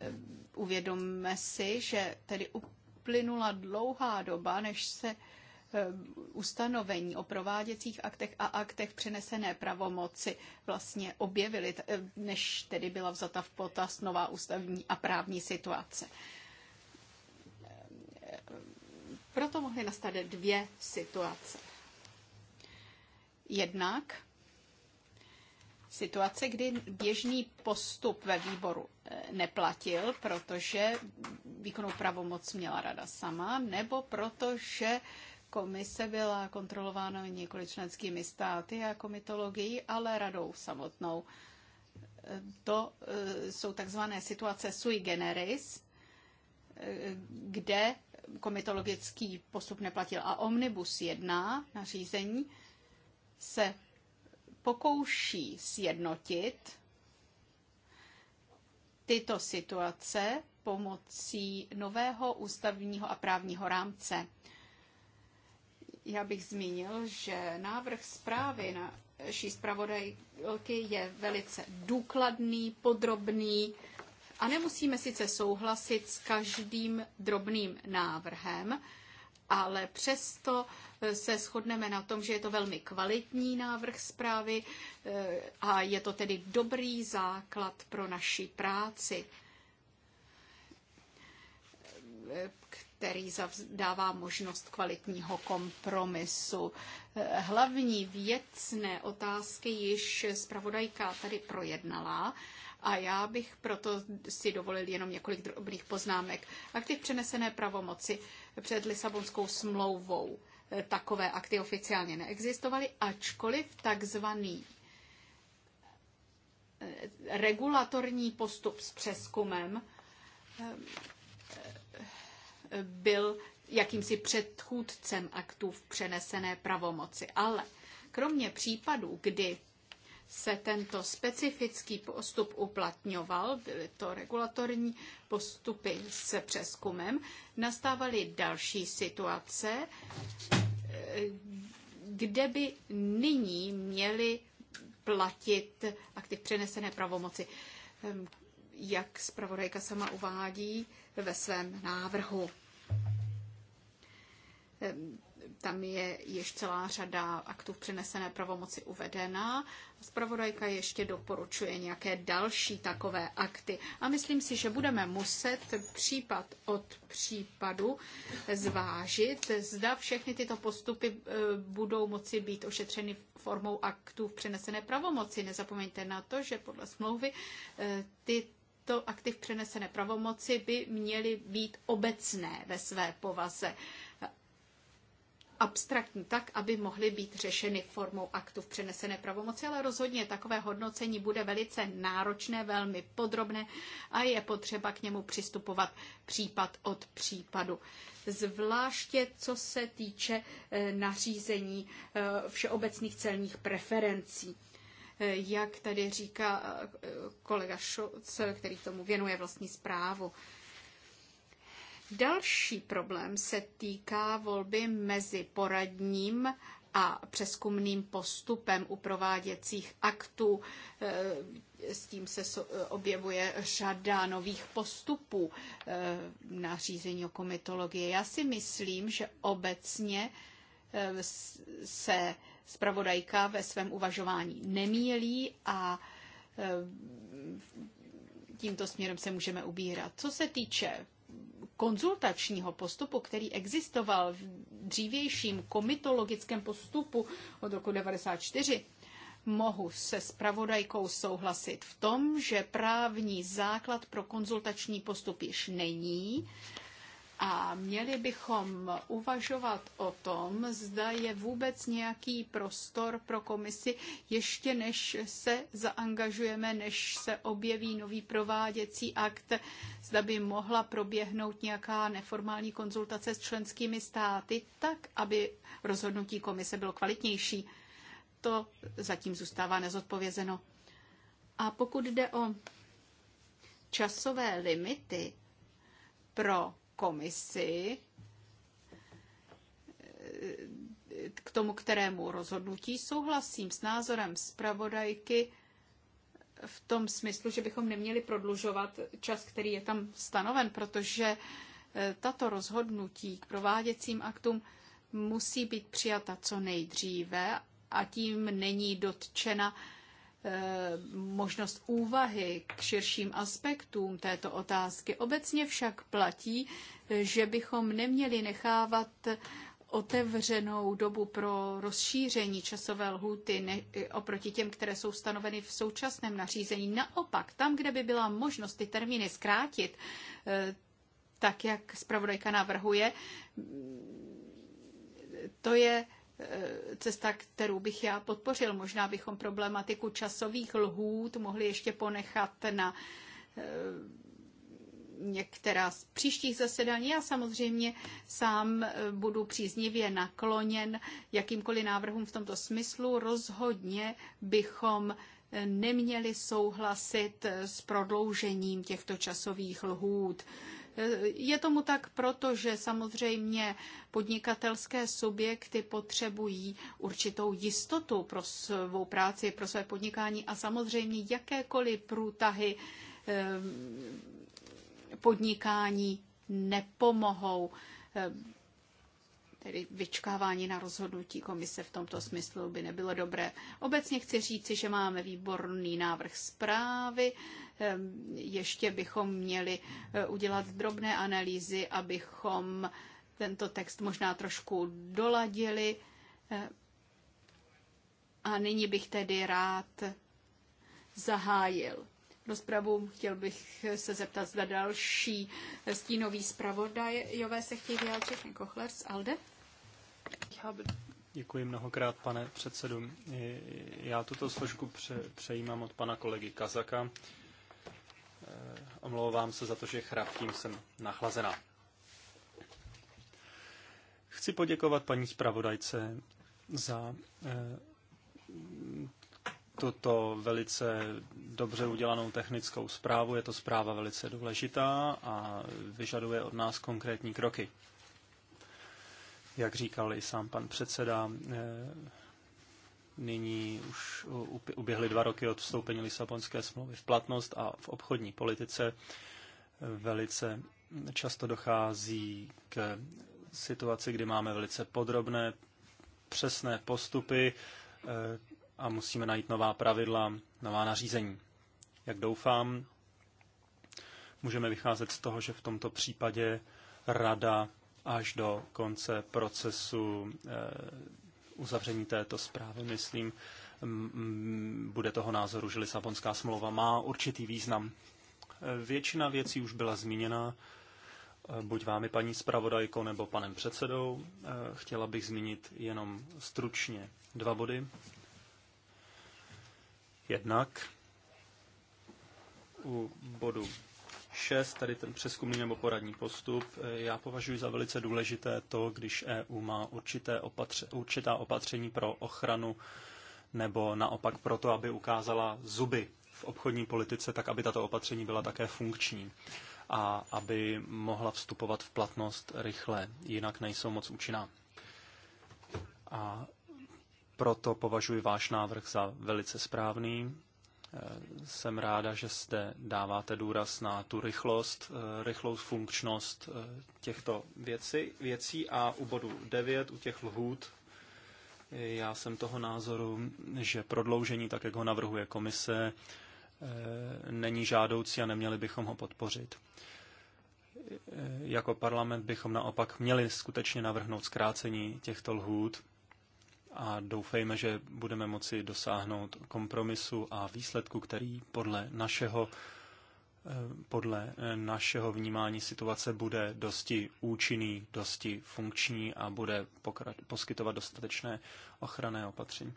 uvědomme si, že tedy uplynula dlouhá doba, než se eh, ustanovení o prováděcích aktech a aktech přenesené pravomoci vlastně objevily, než tedy byla vzata v potaz nová ústavní a právní situace. Proto mohly nastat dvě situace. Jednak situace, kdy běžný postup ve výboru eh, neplatil, protože výkonnou pravomoc měla rada sama, nebo protože komise byla kontrolována několik členskými státy a komitologií, ale radou samotnou. Eh, to eh, jsou takzvané situace sui generis, kde komitologický postup neplatil. A Omnibus 1 nařízení se pokouší sjednotit tyto situace pomocí nového ústavního a právního rámce. Já bych zmínil, že návrh zprávy na naší zpravodajky je velice důkladný, podrobný, a nemusíme sice souhlasit s každým drobným návrhem, ale přesto eh, se shodneme na tom, že je to velmi kvalitní návrh zprávy eh, a je to tedy dobrý základ pro naši práci, který dává možnost kvalitního kompromisu. Eh, hlavní věcné otázky již zpravodajka tady projednala a já bych proto si dovolil jenom několik drobných poznámek. Aktiv přenesené pravomoci před Lisabonskou smlouvou e, takové akty oficiálně neexistovaly, ačkoliv takzvaný e, regulatorní postup s přeskumem e, byl jakýmsi předchůdcem aktů v přenesené pravomoci. Ale kromě případů, kdy se tento specifický postup uplatňoval, byly to regulatorní postupy se přeskumem, nastávaly další situace, eh, kde by nyní měly platit aktiv přenesené pravomoci, ehm, jak zpravodajka sama uvádí ve svém návrhu ehm, tam je již celá řada aktů v přenesené pravomoci uvedena. Spravodajka ještě doporučuje nějaké další takové akty. A myslím si, že budeme muset případ od případu zvážit, zda všechny tyto postupy eh, budou moci být ošetřeny formou aktů v přenesené pravomoci. Nezapomeňte na to, že podle smlouvy eh, ty to aktiv přenesené pravomoci by měly být obecné ve své povaze abstraktní tak, aby mohly být řešeny formou aktu v přenesené pravomoci, ale rozhodně takové hodnocení bude velice náročné, velmi podrobné a je potřeba k němu přistupovat případ od případu. Zvláště co se týče eh, nařízení eh, všeobecných celních preferencí. Eh, jak tady říká kolega Šulc, který tomu věnuje vlastní zprávu. Další problém se týká volby mezi poradním a přeskumným postupem u prováděcích aktů. E, s tím se e, objevuje řada nových postupů e, na řízení o komitologii. Já si myslím, že obecně se zpravodajka ve svém uvažování nemílí a tímto směrem se můžeme ubírat. Co se týče konzultačního postupu, který existoval v dřívějším komitologickém postupu od roku 1994, mohu se spravodajkou souhlasit v tom, že právní základ pro konzultační postup již není a měli bychom uvažovat o tom, zda je vůbec nějaký prostor pro komisi, ještě než se zaangažujeme, než se objeví nový prováděcí akt, zda by mohla proběhnout nějaká neformální konzultace s členskými státy, tak, aby rozhodnutí komise bylo kvalitnější. To zatím zůstává nezodpovězeno. A pokud jde o časové limity pro komisi k tomu, kterému rozhodnutí souhlasím s názorem zpravodajky v tom smyslu, že bychom neměli prodlužovat čas, který je tam stanoven, protože eh, tato rozhodnutí k prováděcím aktům musí být přijata co nejdříve a tím není dotčena Eh, možnost úvahy k širším aspektům této otázky. Obecně však platí, eh, že bychom neměli nechávat otevřenou dobu pro rozšíření časové lhůty ne, oproti těm, které jsou stanoveny v současném nařízení. Naopak, tam, kde by byla možnost ty termíny zkrátit, eh, tak jak zpravodajka navrhuje, to je Eh, cesta, kterou bych já podpořil. Možná bychom problematiku časových lhůt mohli ještě ponechat na eh, některá z příštích zasedání. Já samozřejmě sám eh, budu příznivě nakloněn jakýmkoliv návrhům v tomto smyslu. Rozhodně bychom neměli souhlasit s prodloužením těchto časových lhůt. Je tomu tak proto, že samozřejmě podnikatelské subjekty potřebují určitou jistotu pro svou práci, pro své podnikání a samozřejmě jakékoliv průtahy eh, podnikání nepomohou Tedy vyčkávání na rozhodnutí komise v tomto smyslu by nebylo dobré. Obecně chci říci, že máme výborný návrh zprávy. Ehm, ještě bychom měli e, udělat drobné analýzy, abychom tento text možná trošku doladili. E, a nyní bych tedy rád zahájil rozpravu. Chtěl bych se zeptat, zda další stínový zpravodajové se chtějí vyjádřit, ten Kochler z ALDE. Děkuji mnohokrát, pane předsedu. Já tuto složku pře- přejímám od pana kolegy Kazaka. E, omlouvám se za to, že chraptím jsem nachlazená. Chci poděkovat paní zpravodajce za e, tuto velice dobře udělanou technickou zprávu. Je to zpráva velice důležitá a vyžaduje od nás konkrétní kroky. Jak říkal i sám pan předseda, eh, nyní už uběhly dva roky od vstoupení Lisabonské smlouvy v platnost a v obchodní politice velice často dochází k situaci, kdy máme velice podrobné, přesné postupy eh, a musíme najít nová pravidla, nová nařízení. Jak doufám, můžeme vycházet z toho, že v tomto případě Rada až do konce procesu eh, uzavření této zprávy, myslím, mm, bude toho názoru, že Lisabonská smlouva má určitý význam. Eh, většina věcí už byla zmíněna, eh, buď vámi paní zpravodajko nebo panem předsedou. Chtěla bych zmínit jenom stručně dva body. Jednak u bodu 6, tady ten přeskumný nebo poradní postup, eh, já považuji za velice důležité to, když EU má určité opatře, určitá opatření pro ochranu nebo naopak proto, aby ukázala zuby v obchodní politice, tak aby tato opatření byla také funkční a aby mohla vstupovat v platnost rychle, jinak nejsou moc účinná. A proto považuji váš návrh za velice správný jsem ráda, že zde dáváte důraz na tu rychlost, eh, rychlou funkčnost eh, těchto věci, věcí a u bodu 9, u těch lhůt, eh, já jsem toho názoru, že prodloužení, tak jak ho navrhuje komise, není žádoucí a neměli bychom ho podpořit. Jako parlament bychom naopak měli skutečně navrhnout zkrácení těchto lhůt a doufejme, že budeme moci dosáhnout kompromisu a výsledku, který podle našeho eh, podle eh, našeho vnímání situace bude dosti účinný, dosti funkční a bude poskytovat dostatečné ochranné opatření.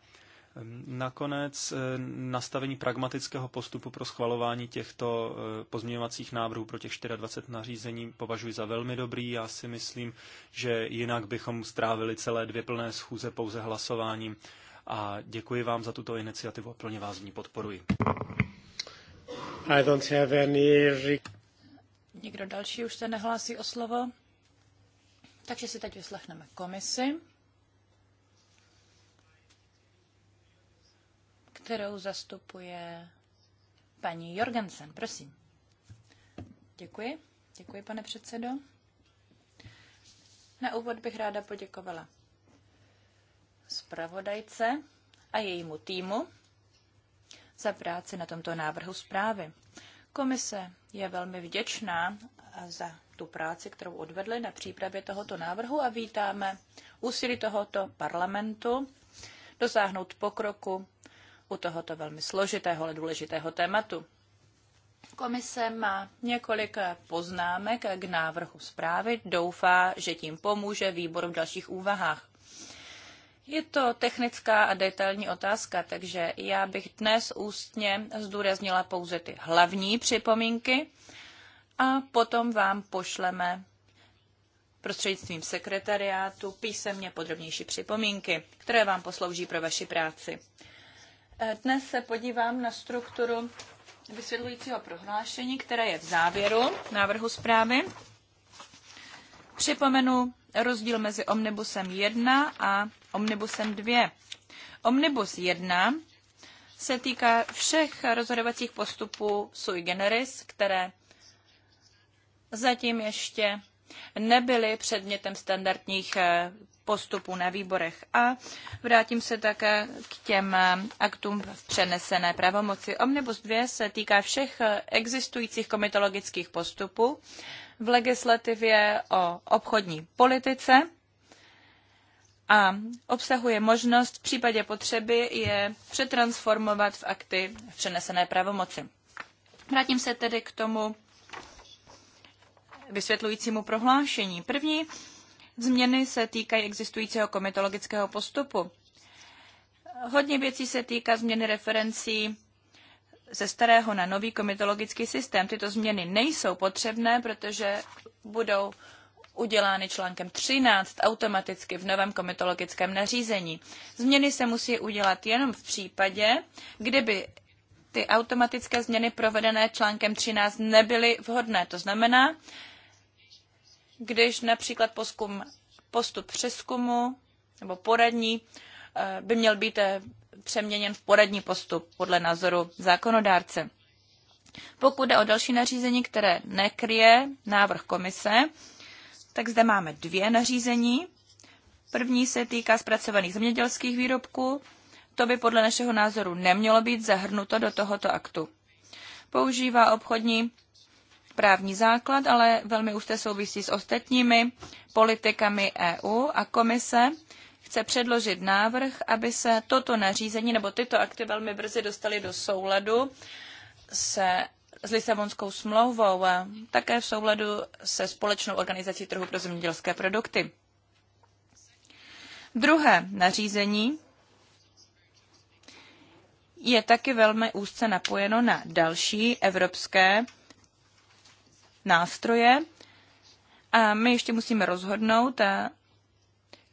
Nakonec eh, nastavení pragmatického postupu pro schvalování těchto eh, pozměňovacích návrhů pro těch 24 nařízení považuji za velmi dobrý. Já si myslím, že jinak bychom strávili celé dvě plné schůze pouze hlasováním. A děkuji vám za tuto iniciativu a plně vás v ní podporuji. I don't have any... Nikdo další už se nehlásí o slovo. Takže si teď vyslechneme komisi. kterou zastupuje paní Jorgensen. Prosím. Děkuji. Děkuji, pane předsedo. Na úvod bych ráda poděkovala zpravodajce a jejímu týmu za práci na tomto návrhu zprávy. Komise je velmi vděčná za tu práci, kterou odvedli na přípravě tohoto návrhu a vítáme úsilí tohoto parlamentu dosáhnout pokroku u tohoto velmi složitého, ale důležitého tématu. Komise má několik poznámek k návrhu zprávy. Doufá, že tím pomůže výboru v dalších úvahách. Je to technická a detailní otázka, takže já bych dnes ústně zdůraznila pouze ty hlavní připomínky a potom vám pošleme prostřednictvím sekretariátu písemně podrobnější připomínky, které vám poslouží pro vaši práci. Dnes se podívám na strukturu vysvětlujícího prohlášení, které je v závěru návrhu zprávy. Připomenu rozdíl mezi Omnibusem 1 a Omnibusem 2. Omnibus 1 se týká všech rozhodovacích postupů sui generis, které zatím ještě nebyly předmětem standardních eh, postupu na výborech a vrátím se také k těm aktům v přenesené pravomoci. Omnibus 2 se týká všech existujících komitologických postupů v legislativě o obchodní politice a obsahuje možnost v případě potřeby je přetransformovat v akty v přenesené pravomoci. Vrátím se tedy k tomu vysvětlujícímu prohlášení. První Změny se týkají existujícího komitologického postupu. Hodně věcí se týká změny referencí ze starého na nový komitologický systém. Tyto změny nejsou potřebné, protože budou udělány článkem 13 automaticky v novém komitologickém nařízení. Změny se musí udělat jenom v případě, kdyby ty automatické změny provedené článkem 13 nebyly vhodné. To znamená, když například poskum, postup přeskumu nebo poradní eh, by měl být eh, přeměněn v poradní postup podle názoru zákonodárce. Pokud jde o další nařízení, které nekryje návrh komise, tak zde máme dvě nařízení. První se týká zpracovaných zemědělských výrobků. To by podle našeho názoru nemělo být zahrnuto do tohoto aktu. Používá obchodní právní základ, ale velmi úzce souvisí s ostatními politikami EU a komise chce předložit návrh, aby se toto nařízení nebo tyto akty velmi brzy dostaly do souladu se s Lisabonskou smlouvou a také v souladu se společnou organizací trhu pro zemědělské produkty. Druhé nařízení je taky velmi úzce napojeno na další evropské nástroje a my ještě musíme rozhodnout,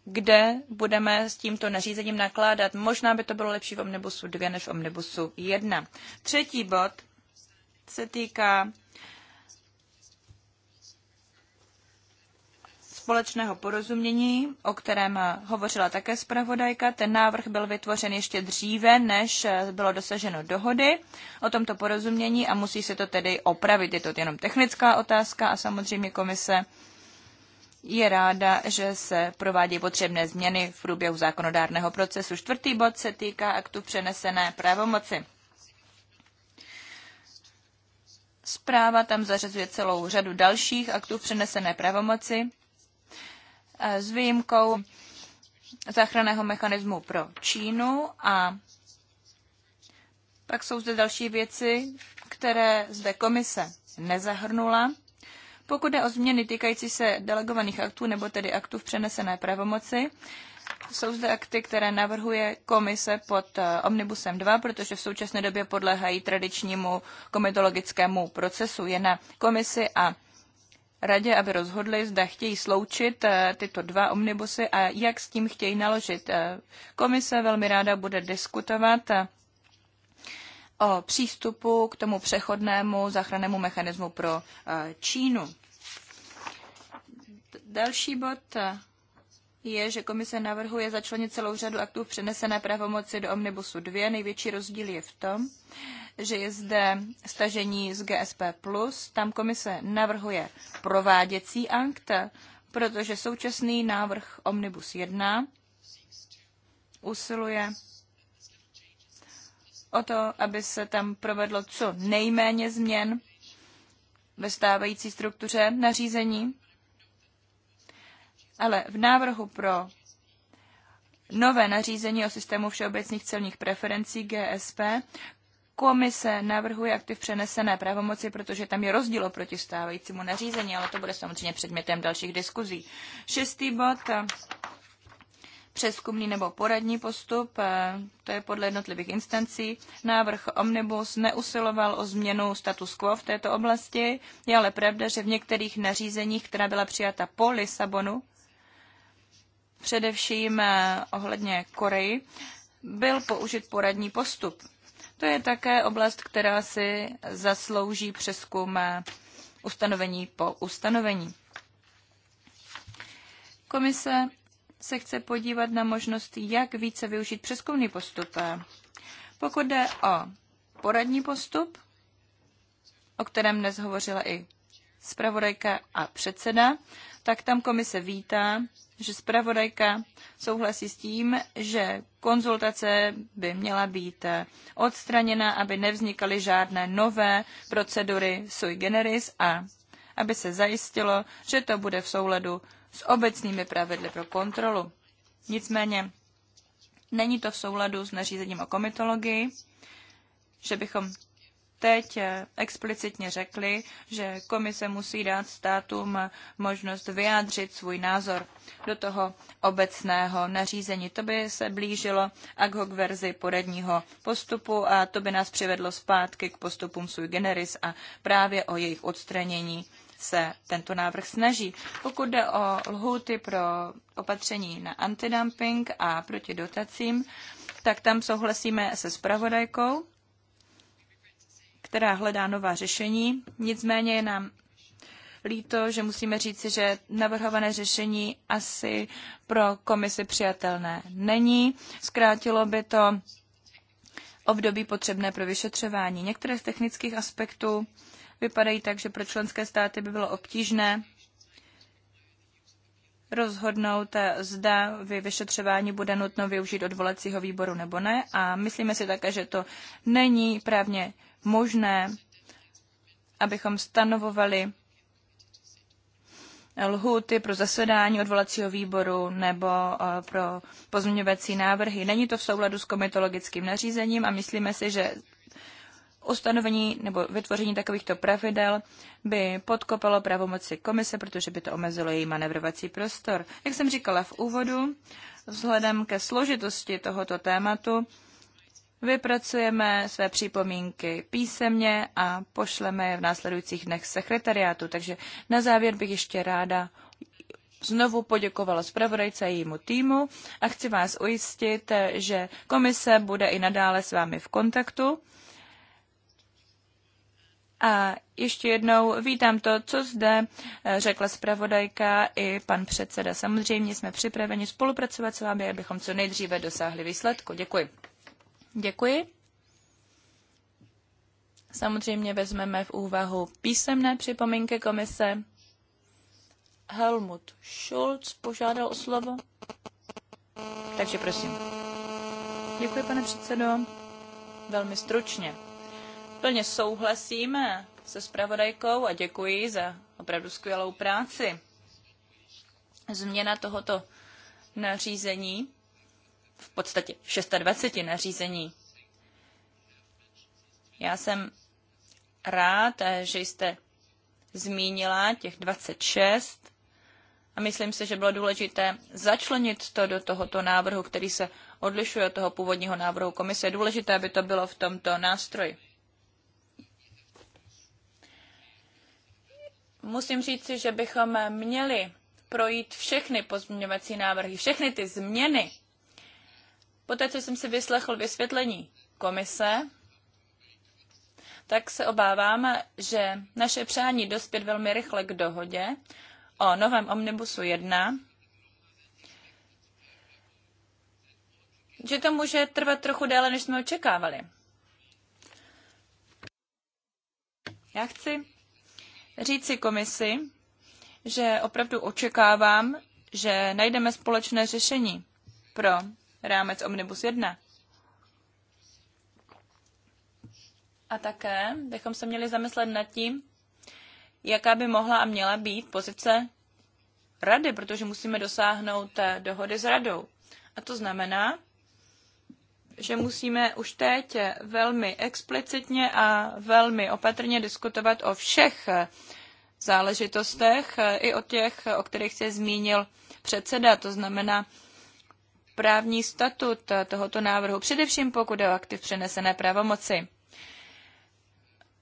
kde budeme s tímto nařízením nakládat. Možná by to bylo lepší v Omnibusu 2 než v Omnibusu 1. Třetí bod se týká společného porozumění, o kterém hovořila také zpravodajka. Ten návrh byl vytvořen ještě dříve, než bylo dosaženo dohody o tomto porozumění a musí se to tedy opravit. Je to jenom technická otázka a samozřejmě komise je ráda, že se provádí potřebné změny v průběhu zákonodárného procesu. Čtvrtý bod se týká aktu přenesené pravomoci. Zpráva tam zařazuje celou řadu dalších aktů přenesené pravomoci, Eh, s výjimkou záchranného mechanismu pro Čínu a pak jsou zde další věci, které zde komise nezahrnula. Pokud jde o změny týkající se delegovaných aktů, nebo tedy aktů v přenesené pravomoci, jsou zde akty, které navrhuje komise pod eh, Omnibusem 2, protože v současné době podléhají tradičnímu komitologickému procesu. Je na komisi a radě, aby rozhodli, zda chtějí sloučit eh, tyto dva omnibusy a jak s tím chtějí naložit. Eh, komise velmi ráda bude diskutovat eh, o přístupu k tomu přechodnému záchrannému mechanismu pro Čínu. Další bod je, že komise navrhuje začlenit celou řadu aktů v přenesené pravomoci do Omnibusu 2. Největší rozdíl je v tom, že je zde stažení z GSP+, tam komise navrhuje prováděcí akt, protože současný návrh Omnibus 1 usiluje o to, aby se tam provedlo co nejméně změn ve stávající struktuře nařízení ale v návrhu pro nové nařízení o systému všeobecných celních preferencí GSP komise navrhuje aktiv přenesené pravomoci, protože tam je rozdíl oproti stávajícímu nařízení, ale to bude samozřejmě předmětem dalších diskuzí. Šestý bod, eh, přeskumný nebo poradní postup, eh, to je podle jednotlivých instancí. Návrh Omnibus neusiloval o změnu status quo v této oblasti. Je ale pravda, že v některých nařízeních, která byla přijata po Lisabonu, především eh, ohledně Koreji, byl použit poradní postup. To je také oblast, která si zaslouží přeskum eh, ustanovení po ustanovení. Komise se chce podívat na možnost, jak více využít přeskumný postup. Eh, pokud jde o poradní postup, o kterém dnes hovořila i zpravodajka a předseda, tak tam komise vítá že zpravodajka souhlasí s tím, že konzultace by měla být odstraněna, aby nevznikaly žádné nové procedury sui generis a aby se zajistilo, že to bude v souladu s obecnými pravidly pro kontrolu. Nicméně není to v souladu s nařízením o komitologii, že bychom teď eh, explicitně řekli, že komise musí dát státům možnost vyjádřit svůj názor do toho obecného nařízení. To by se blížilo ad hoc verzi poradního postupu a to by nás přivedlo zpátky k postupům sui generis a právě o jejich odstranění se tento návrh snaží. Pokud jde o lhuty pro opatření na antidumping a proti dotacím, tak tam souhlasíme se spravodajkou která hledá nová řešení. Nicméně je nám líto, že musíme říci, že navrhované řešení asi pro komisi přijatelné není. Zkrátilo by to období potřebné pro vyšetřování. Některé z technických aspektů vypadají tak, že pro členské státy by bylo obtížné rozhodnout, zda vy vyšetřování bude nutno využít odvolacího výboru nebo ne. A myslíme si také, že to není právně možné, abychom stanovovali lhuty pro zasedání odvolacího výboru nebo eh, pro pozměňovací návrhy. Není to v souladu s komitologickým nařízením a myslíme si, že ustanovení nebo vytvoření takovýchto pravidel by podkopalo pravomoci komise, protože by to omezilo její manevrovací prostor. Jak jsem říkala v úvodu, vzhledem ke složitosti tohoto tématu vypracujeme své připomínky písemně a pošleme je v následujících dnech sekretariátu. Takže na závěr bych ještě ráda znovu poděkovala zpravodajce a jejímu týmu a chci vás ujistit, že komise bude i nadále s vámi v kontaktu. A ještě jednou vítám to, co zde eh, řekla zpravodajka i pan předseda. Samozřejmě jsme připraveni spolupracovat s vámi, abychom co nejdříve dosáhli výsledku. Děkuji. Děkuji. Samozřejmě vezmeme v úvahu písemné připomínky komise. Helmut Schulz požádal o slovo. Takže prosím. Děkuji, pane předsedo. Velmi stručně. Plně souhlasíme se spravodajkou a děkuji za opravdu skvělou práci. Změna tohoto nařízení v podstatě 26 nařízení. Já jsem rád, že jste zmínila těch 26 a myslím si, že bylo důležité začlenit to do tohoto návrhu, který se odlišuje od toho původního návrhu komise. Je důležité, aby to bylo v tomto nástroji. Musím říci, že bychom měli projít všechny pozměňovací návrhy, všechny ty změny, Poté, co jsem si vyslechl vysvětlení komise, tak se obávám, že naše přání dospět velmi rychle k dohodě o novém Omnibusu 1, že to může trvat trochu déle, než jsme očekávali. Já chci říci komisi, že opravdu očekávám, že najdeme společné řešení pro rámec Omnibus 1. A také bychom se měli zamyslet nad tím, jaká by mohla a měla být pozice rady, protože musíme dosáhnout eh, dohody s radou. A to znamená, že musíme už teď velmi explicitně a velmi opatrně diskutovat o všech eh, záležitostech, eh, i o těch, o kterých se zmínil předseda, to znamená právní statut tohoto návrhu, především pokud je o aktiv přenesené pravomoci.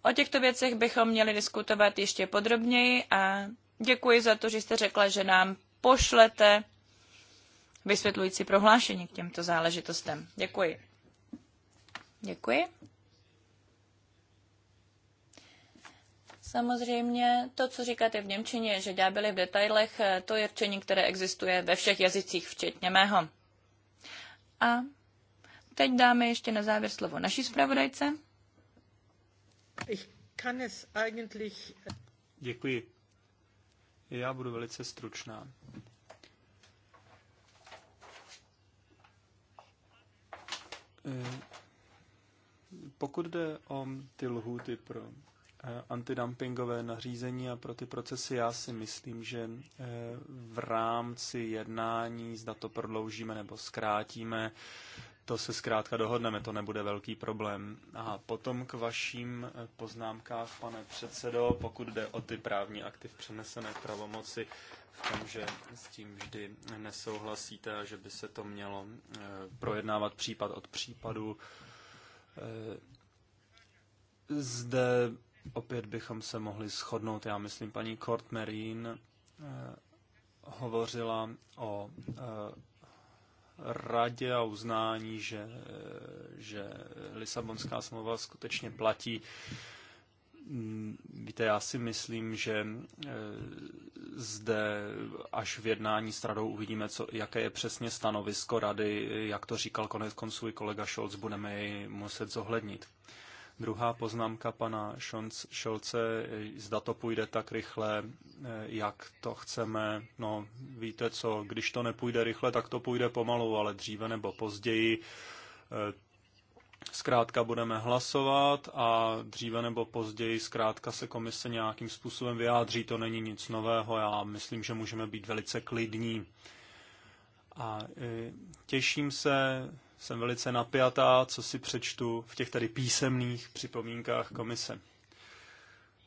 O těchto věcech bychom měli diskutovat ještě podrobněji a děkuji za to, že jste řekla, že nám pošlete vysvětlující prohlášení k těmto záležitostem. Děkuji. Děkuji. Samozřejmě to, co říkáte v Němčině, že ďábeli v detailech, to je řečení, které existuje ve všech jazycích, včetně mého. A teď dáme ještě na závěr slovo naší zpravodajce. Děkuji. Já budu velice stručná. Eh, pokud jde o ty lhůty pro Eh, antidumpingové nařízení a pro ty procesy já si myslím, že eh, v rámci jednání, zda to prodloužíme nebo zkrátíme, to se zkrátka dohodneme, to nebude velký problém. A potom k vaším eh, poznámkám pane předsedo, pokud jde o ty právní akty v přenesené pravomoci, v tom, že s tím vždy nesouhlasíte a že by se to mělo projednávat případ od případu. Zde Opět bychom se mohli shodnout. Já myslím, paní Kort Merín eh, hovořila o eh, radě a uznání, že, eh, že Lisabonská smlouva skutečně platí. Mm, víte, já si myslím, že zde až v jednání s radou uvidíme, co, jaké je přesně stanovisko rady, jak to říkal konec konců i kolega Scholz, budeme jej muset zohlednit. Druhá poznámka pana Šolce, zda to půjde tak rychle, eh, jak to chceme. No, víte co, když to nepůjde rychle, tak to půjde pomalu, ale dříve nebo později. Eh, zkrátka budeme hlasovat a dříve nebo později zkrátka se komise nějakým způsobem vyjádří. To není nic nového. Já myslím, že můžeme být velice klidní. A eh, těším se jsem velice napjatá, co si přečtu v těch tady písemných připomínkách komise.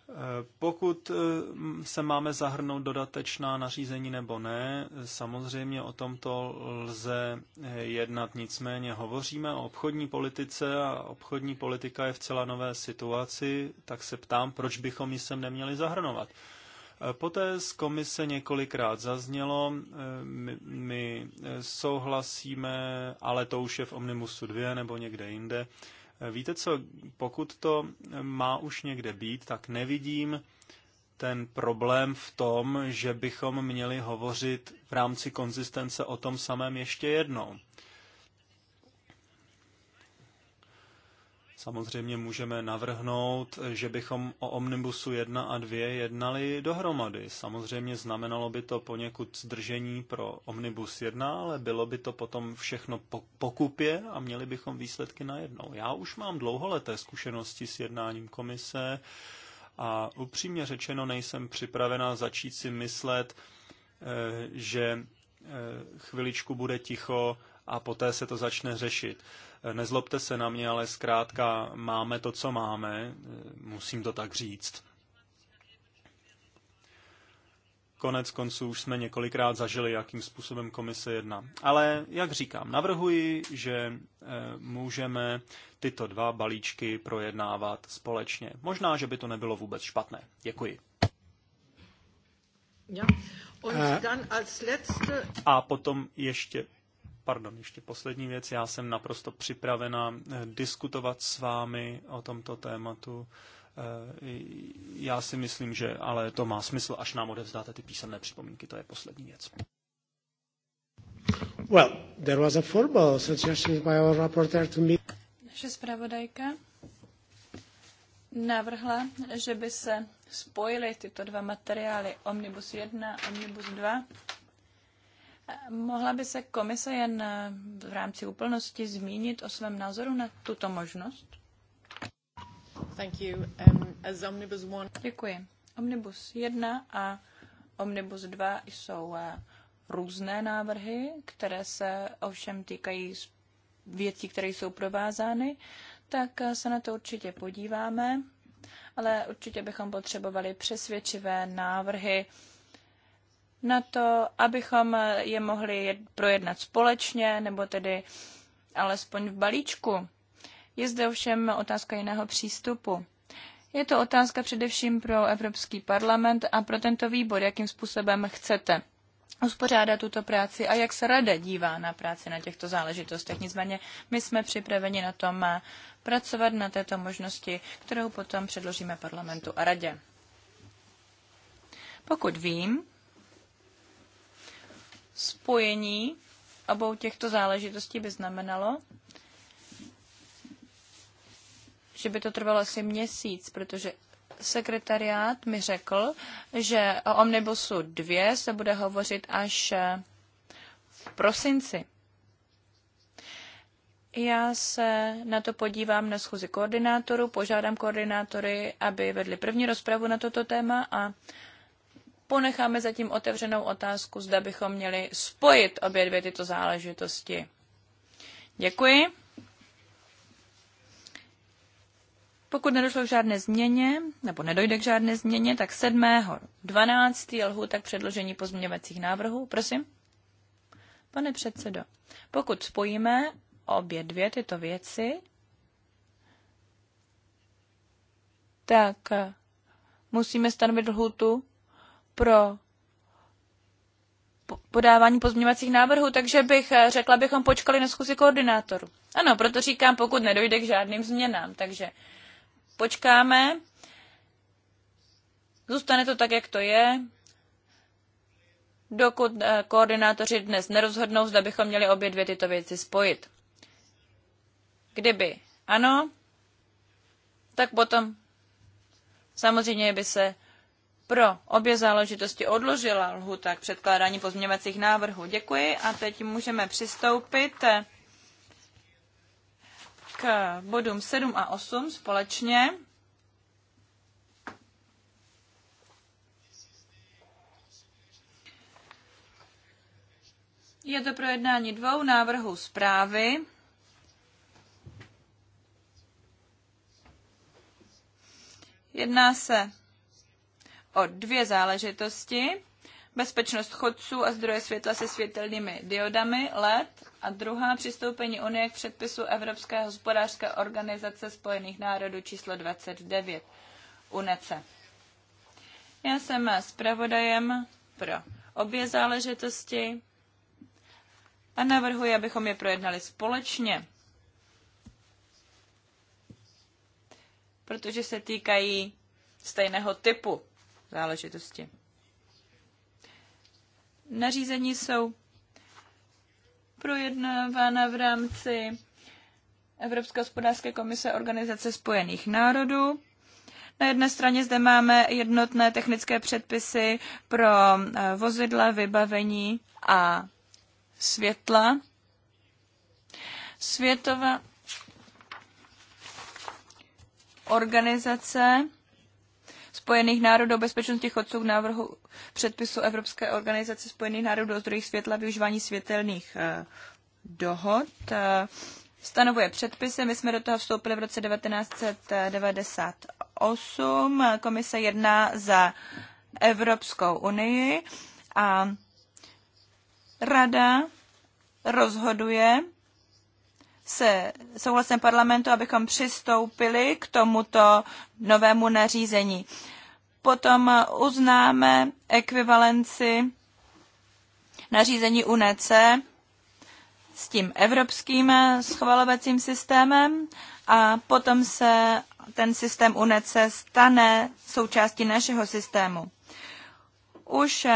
Eh, pokud eh, se máme zahrnout dodatečná nařízení nebo ne, samozřejmě o tomto lze eh, jednat. Nicméně hovoříme o obchodní politice a obchodní politika je v celé nové situaci, tak se ptám, proč bychom ji sem neměli zahrnovat. Poté z komise několikrát zaznělo, my, my souhlasíme, ale to už je v Omnimusu 2 nebo někde jinde. Víte co, pokud to má už někde být, tak nevidím ten problém v tom, že bychom měli hovořit v rámci konzistence o tom samém ještě jednou. Samozřejmě můžeme navrhnout, že bychom o Omnibusu 1 a 2 jednali dohromady. Samozřejmě znamenalo by to poněkud zdržení pro Omnibus 1, ale bylo by to potom všechno pokupě a měli bychom výsledky najednou. Já už mám dlouholeté zkušenosti s jednáním komise a upřímně řečeno nejsem připravena začít si myslet, eh, že Eh, chviličku bude ticho a poté se to začne řešit. Eh, nezlobte se na mě, ale zkrátka máme to, co máme, eh, musím to tak říct. Konec konců už jsme několikrát zažili, jakým způsobem komise jedná. Ale, jak říkám, navrhuji, že můžeme tyto dva balíčky projednávat společně. Možná, že by to nebylo vůbec špatné. Děkuji. Ja. Eh, a potom ještě, pardon, ještě poslední věc. Já jsem naprosto připravena eh, diskutovat s vámi o tomto tématu. Eh, já si myslím, že ale to má smysl, až nám odevzdáte ty písemné připomínky. To je poslední věc. Well, there was a formal suggestion by our rapporteur to meet. Naše zpravodajka navrhla, že by se spojili tyto dva materiály, Omnibus 1 a Omnibus 2. Mohla by se komise jen eh, v rámci úplnosti zmínit o svém názoru na tuto možnost? Thank you. Um, as Omnibus one... Děkuji. Omnibus 1 a Omnibus 2 jsou eh, různé návrhy, které se ovšem týkají věcí, které jsou provázány, tak eh, se na to určitě podíváme ale určitě bychom potřebovali přesvědčivé návrhy na to, abychom je mohli projednat společně, nebo tedy alespoň v balíčku. Je zde ovšem otázka jiného přístupu. Je to otázka především pro Evropský parlament a pro tento výbor, jakým způsobem chcete uspořádat tuto práci a jak se rada dívá na práci na těchto záležitostech. Nicméně my jsme připraveni na tom pracovat na této možnosti, kterou potom předložíme parlamentu a radě. Pokud vím, spojení obou těchto záležitostí by znamenalo, že by to trvalo asi měsíc, protože sekretariát mi řekl, že o Omnibusu 2 se bude hovořit až v prosinci. Já se na to podívám na schůzi koordinátorů, požádám koordinátory, aby vedli první rozpravu na toto téma a ponecháme zatím otevřenou otázku, zda bychom měli spojit obě dvě tyto záležitosti. Děkuji. Pokud nedošlo k žádné změně, nebo nedojde k žádné změně, tak 7.12. lhu tak předložení pozměňovacích návrhů. Prosím. Pane předsedo, pokud spojíme obě dvě tyto věci, tak musíme stanovit lhutu pro podávání pozměňovacích návrhů, takže bych eh, řekla, bychom počkali na schůzi koordinátoru. Ano, proto říkám, pokud nedojde k žádným změnám, takže počkáme. Zůstane to tak, jak to je. Dokud eh, koordinátoři dnes nerozhodnou, zda bychom měli obě dvě tyto věci spojit. Kdyby ano, tak potom samozřejmě by se pro obě záležitosti odložila lhuta k předkládání pozměňovacích návrhů. Děkuji a teď můžeme přistoupit k bodům 7 a 8 společně. Je to projednání dvou návrhů zprávy. Jedná se o dvě záležitosti. Bezpečnost chodců a zdroje světla se světelnými diodami LED a druhá přistoupení Unie k předpisu Evropské hospodářské organizace Spojených národů číslo 29 UNECE. Já jsem zpravodajem pro obě záležitosti a navrhuji, abychom je projednali společně. protože se týkají stejného typu záležitosti. Nařízení jsou projednávána v rámci Evropské hospodářské komise Organizace spojených národů. Na jedné straně zde máme jednotné technické předpisy pro eh, vozidla, vybavení a světla. světová organizace Spojených národů bezpečnosti chodců k návrhu předpisu Evropské organizace Spojených národů o zdrojích světla využívání světelných eh, dohod. Eh, stanovuje předpisy, my jsme do toho vstoupili v roce 1998. Komise jedná za Evropskou unii a rada rozhoduje se souhlasem parlamentu, abychom přistoupili k tomuto novému nařízení. Potom uznáme ekvivalenci nařízení UNC s tím evropským schvalovacím systémem a potom se ten systém UNC stane součástí našeho systému. Už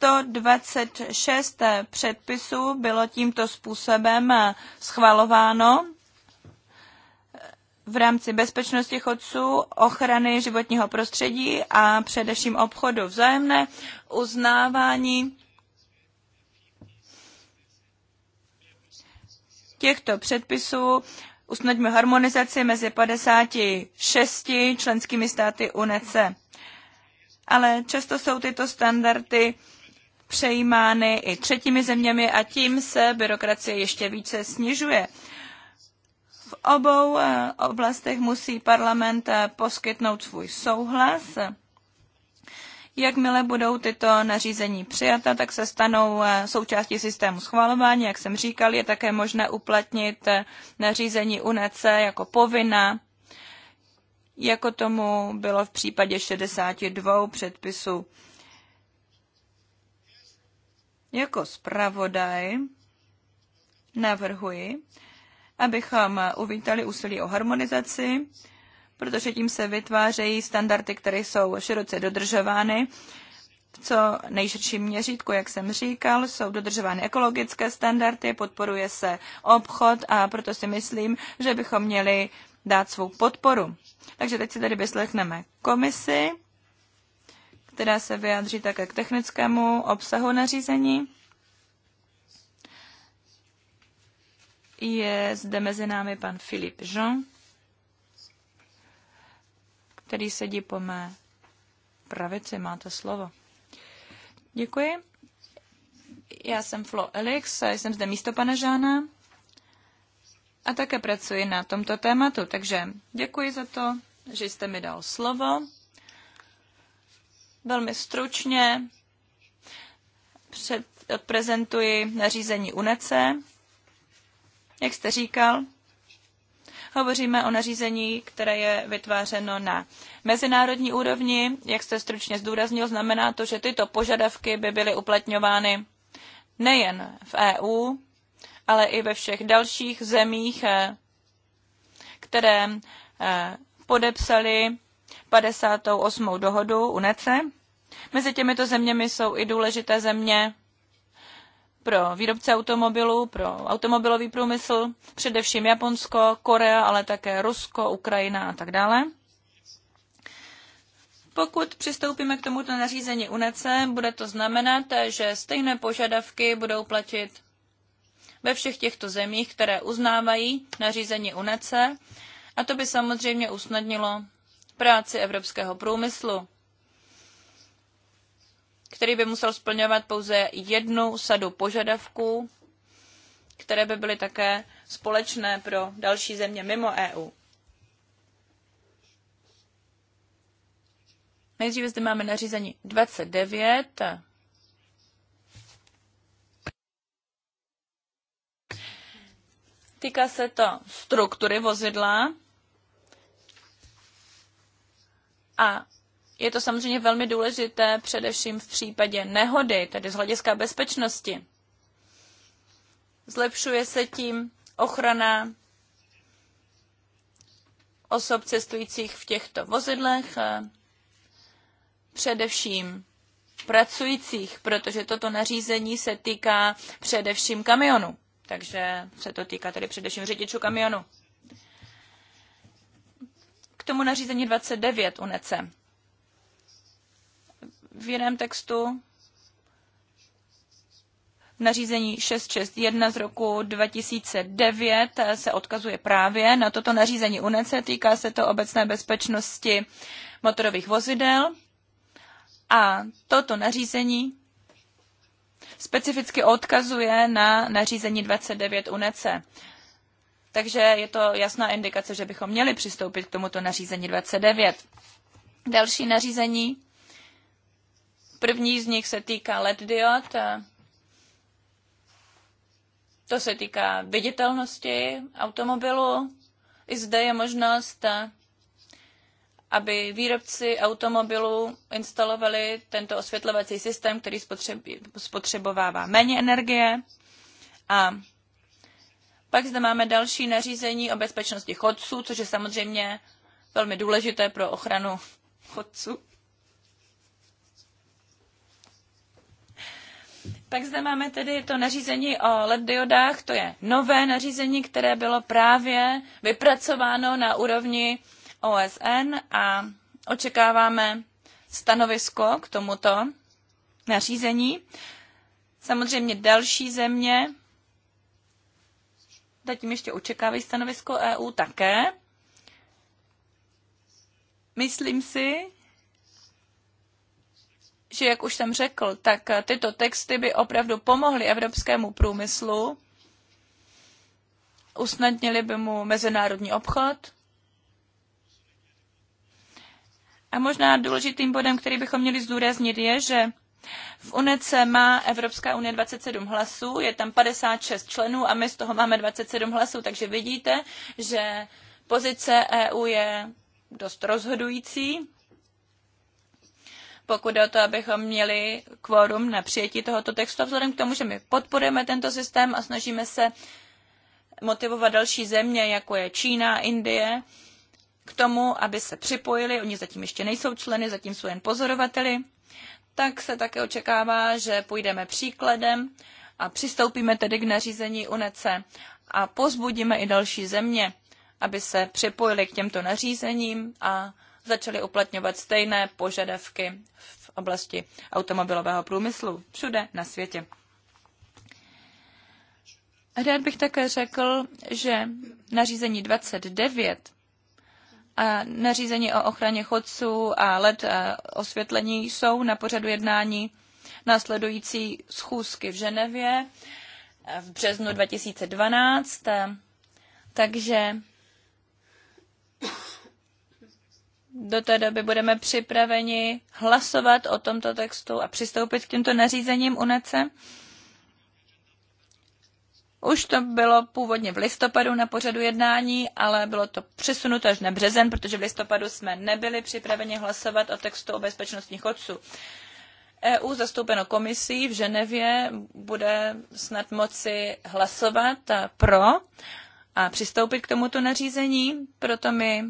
126 předpisů bylo tímto způsobem eh, schvalováno v rámci bezpečnosti chodců, ochrany životního prostředí a především obchodu vzájemné uznávání těchto předpisů usnadňuje harmonizaci mezi 56 členskými státy UNECE ale často jsou tyto standardy přejímány i třetími zeměmi a tím se byrokracie ještě více snižuje. V obou eh, oblastech musí parlament eh, poskytnout svůj souhlas. Jakmile budou tyto nařízení přijata, tak se stanou eh, součástí systému schvalování. Jak jsem říkal, je také možné uplatnit nařízení UNEC jako povinná jako tomu bylo v případě 62 předpisů. Jako zpravodaj navrhuji, abychom uvítali úsilí o harmonizaci, protože tím se vytvářejí standardy, které jsou široce dodržovány. V co nejširším měřítku, jak jsem říkal, jsou dodržovány ekologické standardy, podporuje se obchod a proto si myslím, že bychom měli dát svou podporu. Takže teď si tady vyslechneme komisi, která se vyjádří také k technickému obsahu nařízení. Je zde mezi námi pan Filip Jean, který sedí po mé pravici. Máte slovo. Děkuji. Já jsem Flo Elix, jsem zde místo pana Žána a také pracuji na tomto tématu. Takže děkuji za to, že jste mi dal slovo. Velmi stručně před, prezentuji nařízení UNECE. Jak jste říkal, hovoříme o nařízení, které je vytvářeno na mezinárodní úrovni. Jak jste stručně zdůraznil, znamená to, že tyto požadavky by byly uplatňovány nejen v EU, ale i ve všech dalších zemích, eh, které eh, podepsali 58. dohodu UNECE. Mezi těmito zeměmi jsou i důležité země pro výrobce automobilů, pro automobilový průmysl, především Japonsko, Korea, ale také Rusko, Ukrajina a tak dále. Pokud přistoupíme k tomuto nařízení UNECE, bude to znamenat, že stejné požadavky budou platit ve všech těchto zemích, které uznávají nařízení UNECE a to by samozřejmě usnadnilo práci evropského průmyslu, který by musel splňovat pouze jednu sadu požadavků, které by byly také společné pro další země mimo EU. Nejdříve zde máme nařízení 29 Týká se to struktury vozidla a je to samozřejmě velmi důležité především v případě nehody, tedy z hlediska bezpečnosti. Zlepšuje se tím ochrana osob cestujících v těchto vozidlech, především pracujících, protože toto nařízení se týká především kamionů takže se to týká tedy především řidičů kamionu. K tomu nařízení 29 UNECE. V jiném textu nařízení 661 z roku 2009 se odkazuje právě na toto nařízení UNECE. Týká se to obecné bezpečnosti motorových vozidel. A toto nařízení specificky odkazuje na nařízení 29 UNECE. Takže je to jasná indikace, že bychom měli přistoupit k tomuto nařízení 29. Další nařízení. První z nich se týká LED diod. To se týká viditelnosti automobilu. I zde je možnost aby výrobci automobilů instalovali tento osvětlovací systém, který spotřebovává méně energie. A pak zde máme další nařízení o bezpečnosti chodců, což je samozřejmě velmi důležité pro ochranu chodců. Pak zde máme tedy to nařízení o LED diodách, to je nové nařízení, které bylo právě vypracováno na úrovni OSN a očekáváme stanovisko k tomuto nařízení. Samozřejmě další země zatím ještě očekávají stanovisko EU také. Myslím si, že, jak už jsem řekl, tak tyto texty by opravdu pomohly evropskému průmyslu, usnadnili by mu mezinárodní obchod A možná důležitým bodem, který bychom měli zdůraznit, je, že v UNECE má Evropská unie 27 hlasů, je tam 56 členů a my z toho máme 27 hlasů, takže vidíte, že pozice EU je dost rozhodující, pokud o to, abychom měli kvórum na přijetí tohoto textu. vzhledem k tomu, že my podporujeme tento systém a snažíme se motivovat další země, jako je Čína, Indie, k tomu, aby se připojili, oni zatím ještě nejsou členy, zatím jsou jen pozorovateli, tak se také očekává, že půjdeme příkladem a přistoupíme tedy k nařízení UNECE a pozbudíme i další země, aby se připojili k těmto nařízením a začali uplatňovat stejné požadavky v oblasti automobilového průmyslu všude na světě. Rád bych také řekl, že nařízení 29 a nařízení o ochraně chodců a LED a eh, osvětlení jsou na pořadu jednání následující schůzky v Ženevě eh, v březnu 2012. Eh, takže do té doby budeme připraveni hlasovat o tomto textu a přistoupit k těmto nařízením UNECE. Už to bylo původně v listopadu na pořadu jednání, ale bylo to přesunuto až na březen, protože v listopadu jsme nebyli připraveni hlasovat o textu o bezpečnostních chodců. EU zastoupeno komisí v Ženevě bude snad moci hlasovat pro a přistoupit k tomuto nařízení, proto my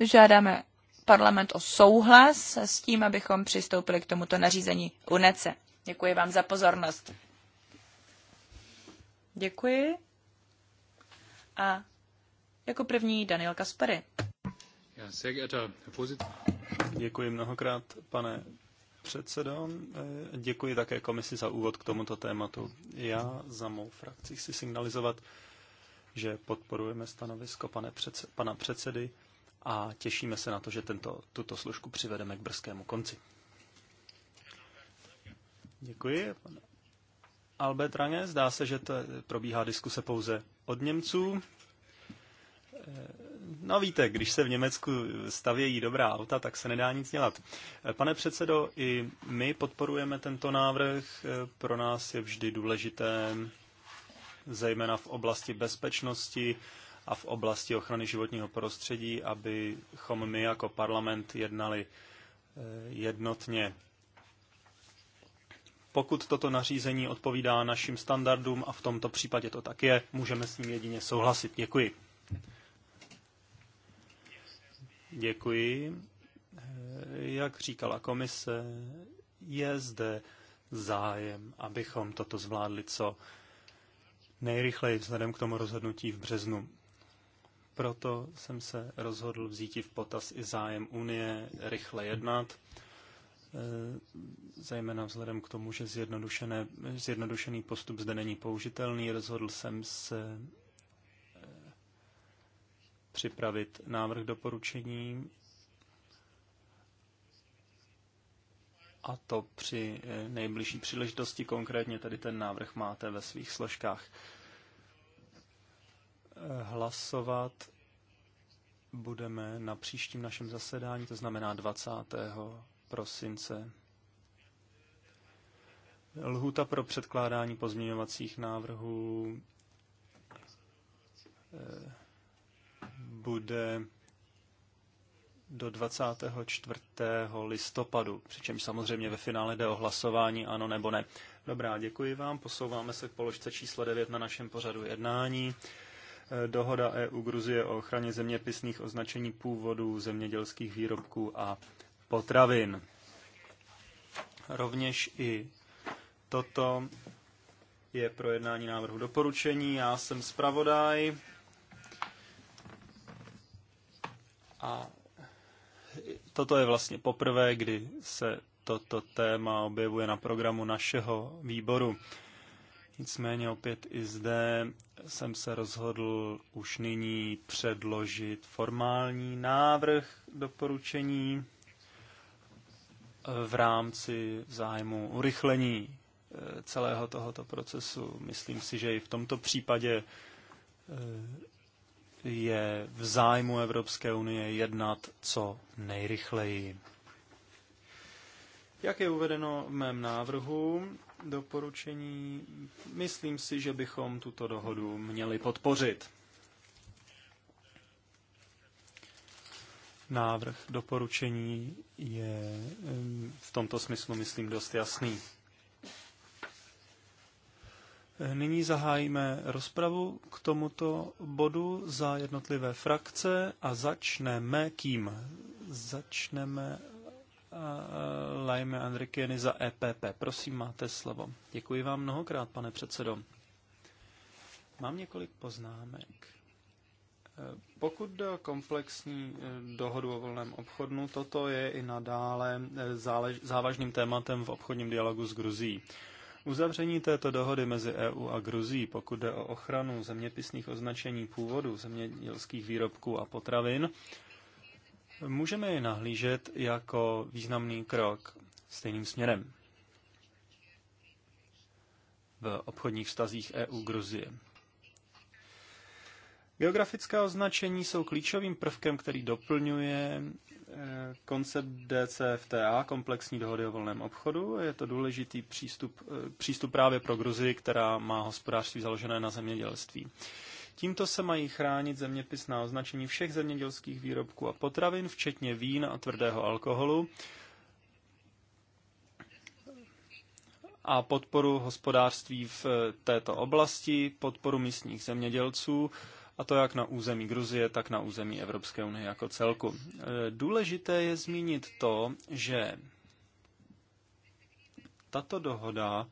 žádáme parlament o souhlas s tím, abychom přistoupili k tomuto nařízení UNECE. Děkuji vám za pozornost. Děkuji. A jako první Daniel Kaspery. Děkuji mnohokrát, pane předsedo. Eh, děkuji také komisi za úvod k tomuto tématu. Já za mou frakci chci signalizovat, že podporujeme stanovisko pane předse, pana předsedy a těšíme se na to, že tento, tuto složku přivedeme k brzkému konci. Děkuji. Albert Range, zdá se, že to probíhá diskuse pouze od Němců. Eh, no víte, když se v Německu stavějí dobrá auta, tak se nedá nic dělat. Eh, pane předsedo, i my podporujeme tento návrh. Eh, pro nás je vždy důležité, zejména v oblasti bezpečnosti a v oblasti ochrany životního prostředí, abychom my jako parlament jednali jednotně. Pokud toto nařízení odpovídá našim standardům, a v tomto případě to tak je, můžeme s ním jedině souhlasit. Děkuji. Děkuji. Jak říkala komise, je zde zájem, abychom toto zvládli co nejrychleji vzhledem k tomu rozhodnutí v březnu. Proto jsem se rozhodl vzít v potaz i zájem Unie rychle jednat Eh, zejména vzhledem k tomu, že zjednodušené, zjednodušený postup zde není použitelný, rozhodl jsem se eh, připravit návrh doporučení a to při eh, nejbližší příležitosti, konkrétně tady ten návrh máte ve svých složkách. Hlasovat budeme na příštím našem zasedání, to znamená 20 prosince. Lhuta pro předkládání pozměňovacích návrhů eh, bude do 24. listopadu, přičemž samozřejmě ve finále jde o hlasování ano nebo ne. Dobrá, děkuji vám. Posouváme se k položce číslo 9 na našem pořadu jednání. Eh, dohoda EU Gruzie o ochraně zeměpisných označení původu zemědělských výrobků a potravin. Rovněž i toto je projednání návrhu doporučení. Já jsem zpravodaj a toto je vlastně poprvé, kdy se toto téma objevuje na programu našeho výboru. Nicméně opět i zde jsem se rozhodl už nyní předložit formální návrh doporučení v rámci zájmu urychlení eh, celého tohoto procesu. Myslím si, že i v tomto případě eh, je v zájmu Evropské unie jednat co nejrychleji. Jak je uvedeno v mém návrhu doporučení, myslím si, že bychom tuto dohodu měli podpořit. Návrh doporučení je v tomto smyslu, myslím, dost jasný. Nyní zahájíme rozpravu k tomuto bodu za jednotlivé frakce a začneme kým? Začneme Lajme Andrikieny za EPP. Prosím, máte slovo. Děkuji vám mnohokrát, pane předsedo. Mám několik poznámek. Pokud jde o komplexní eh, dohodu o volném obchodu, toto je i nadále eh, zálež, závažným tématem v obchodním dialogu s Gruzí. Uzavření této dohody mezi EU a Gruzí, pokud jde o ochranu zeměpisných označení původu zemědělských výrobků a potravin, můžeme je nahlížet jako významný krok stejným směrem v obchodních vztazích EU-Gruzie. Geografická označení jsou klíčovým prvkem, který doplňuje eh, koncept DCFTA, komplexní dohody o volném obchodu. Je to důležitý přístup, eh, přístup právě pro Gruzii, která má hospodářství založené na zemědělství. Tímto se mají chránit zeměpisná označení všech zemědělských výrobků a potravin, včetně vín a tvrdého alkoholu a podporu hospodářství v eh, této oblasti, podporu místních zemědělců a to jak na území Gruzie, tak na území Evropské unie jako celku. E, důležité je zmínit to, že tato dohoda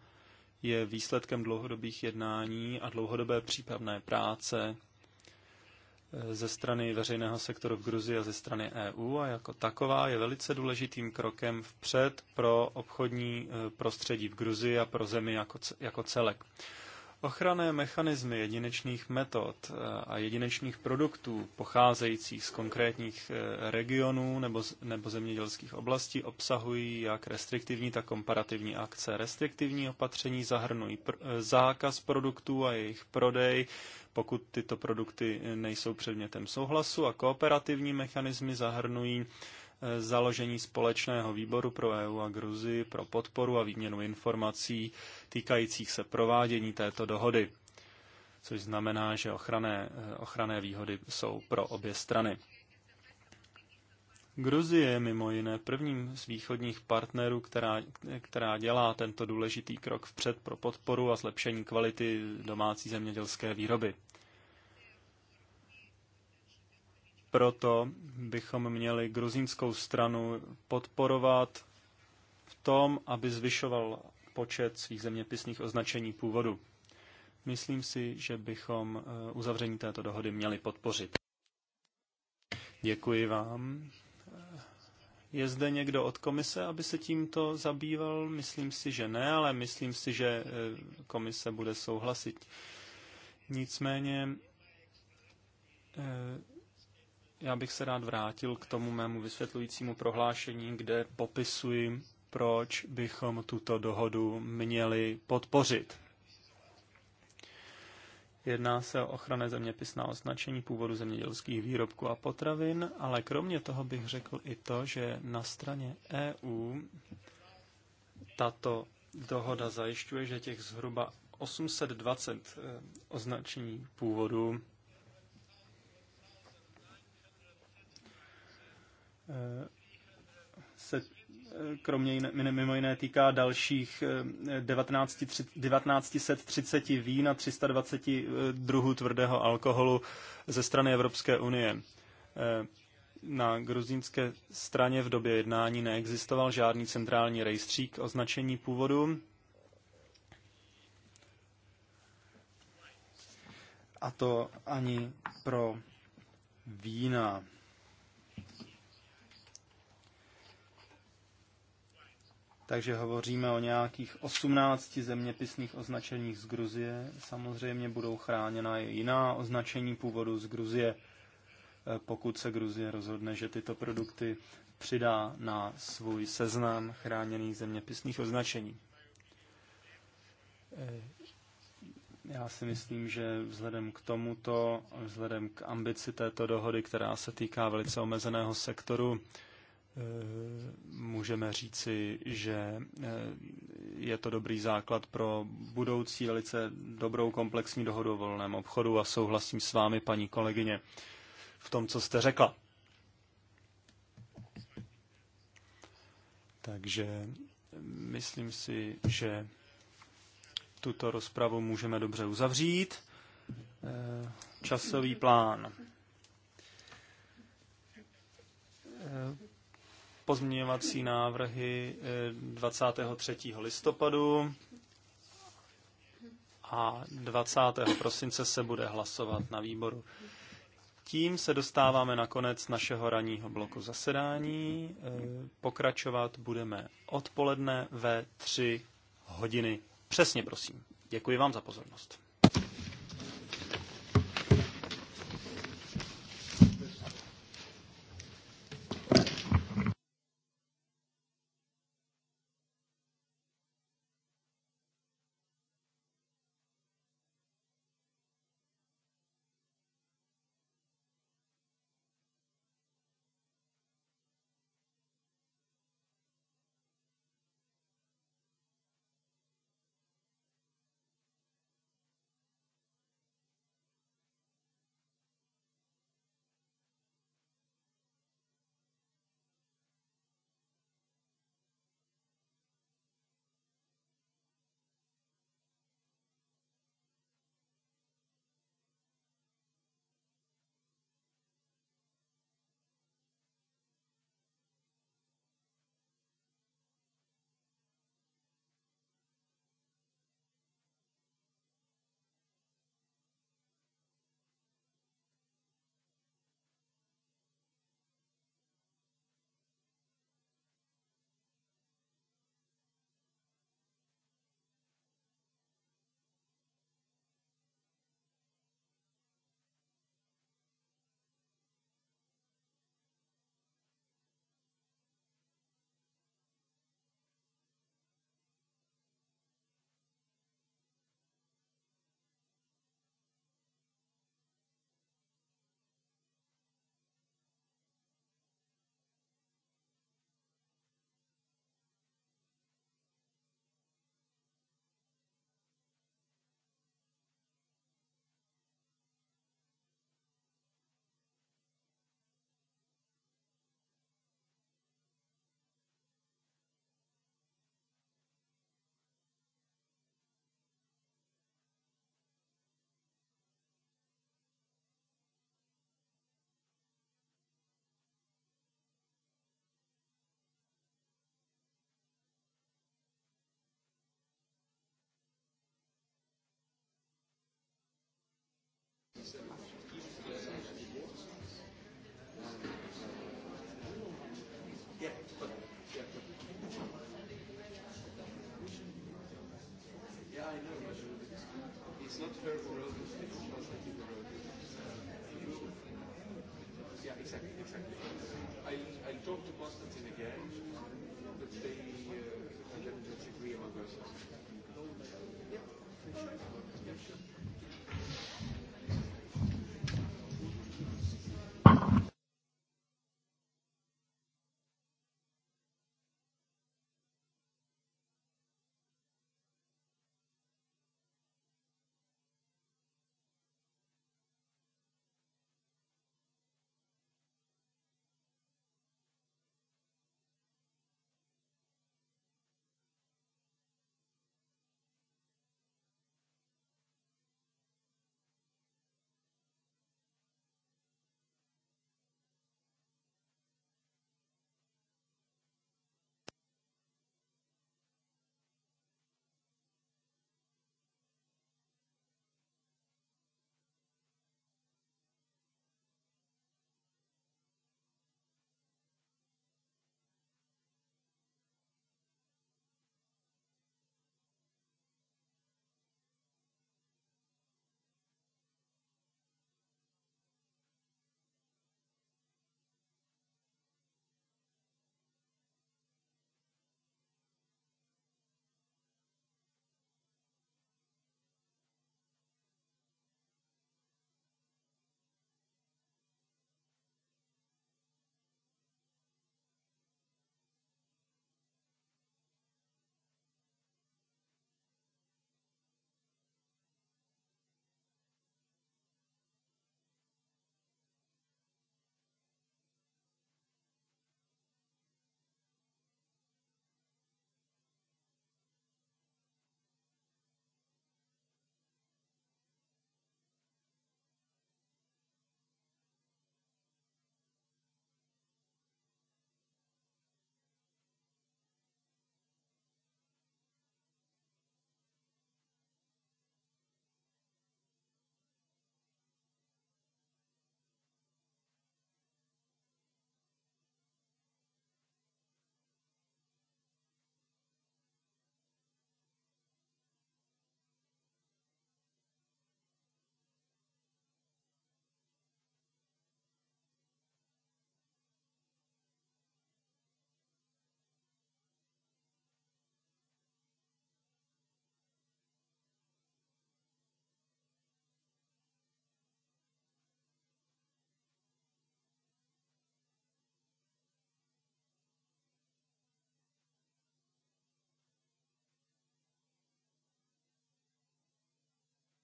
je výsledkem dlouhodobých jednání a dlouhodobé přípravné práce e, ze strany veřejného sektoru v Gruzii a ze strany EU a jako taková je velice důležitým krokem vpřed pro obchodní e, prostředí v Gruzii a pro zemi jako, jako celek. Ochranné mechanismy jedinečných metod eh, a jedinečných produktů pocházejících z konkrétních eh, regionů nebo, nebo zemědělských oblastí obsahují jak restriktivní, tak komparativní akce. Restriktivní opatření zahrnují pr- eh, zákaz produktů a jejich prodej, pokud tyto produkty nejsou předmětem souhlasu a kooperativní mechanismy zahrnují založení společného výboru pro EU a Gruzi pro podporu a výměnu informací týkajících se provádění této dohody, což znamená, že ochranné, ochranné výhody jsou pro obě strany. Gruzie je mimo jiné prvním z východních partnerů, která, která dělá tento důležitý krok vpřed pro podporu a zlepšení kvality domácí zemědělské výroby. Proto bychom měli gruzínskou stranu podporovat v tom, aby zvyšoval počet svých zeměpisných označení původu. Myslím si, že bychom eh, uzavření této dohody měli podpořit. Děkuji vám. Eh, je zde někdo od komise, aby se tímto zabýval? Myslím si, že ne, ale myslím si, že eh, komise bude souhlasit. Nicméně já bych se rád vrátil k tomu mému vysvětlujícímu prohlášení, kde popisuji, proč bychom tuto dohodu měli podpořit. Jedná se o ochranné zeměpisná označení původu zemědělských výrobků a potravin, ale kromě toho bych řekl i to, že na straně EU tato dohoda zajišťuje, že těch zhruba 820 eh, označení původu Eh, se eh, kromě jiné, mimo jiné týká dalších 19, eh, 1930 vín a 320 druhů tvrdého alkoholu ze strany Evropské unie. Na gruzínské straně v době jednání neexistoval žádný centrální rejstřík označení původu. A to ani pro vína. Takže hovoříme o nějakých 18 zeměpisných označeních z Gruzie. Samozřejmě budou chráněna i jiná označení původu z Gruzie, eh, pokud se Gruzie rozhodne, že tyto produkty přidá na svůj seznam chráněných zeměpisných označení. Eh, já si myslím, že vzhledem k tomuto, vzhledem k ambici této dohody, která se týká velice omezeného sektoru, Eh, můžeme říci, že eh, je to dobrý základ pro budoucí velice dobrou komplexní dohodu o volném obchodu a souhlasím s vámi, paní kolegyně, v tom, co jste řekla. Takže myslím si, že tuto rozpravu můžeme dobře uzavřít. Eh, časový plán pozměňovací návrhy 23. Eh, listopadu a 20. prosince se bude hlasovat na výboru. Tím se dostáváme na konec našeho ranního bloku zasedání. Eh, pokračovat budeme odpoledne ve 3 hodiny. Přesně prosím. Děkuji vám za pozornost. It's not her who wrote this, it's translated who Yeah, exactly, exactly. I, I talked to Constantine again, but they uh, let us among ourselves. Yeah, sure. Yeah, sure.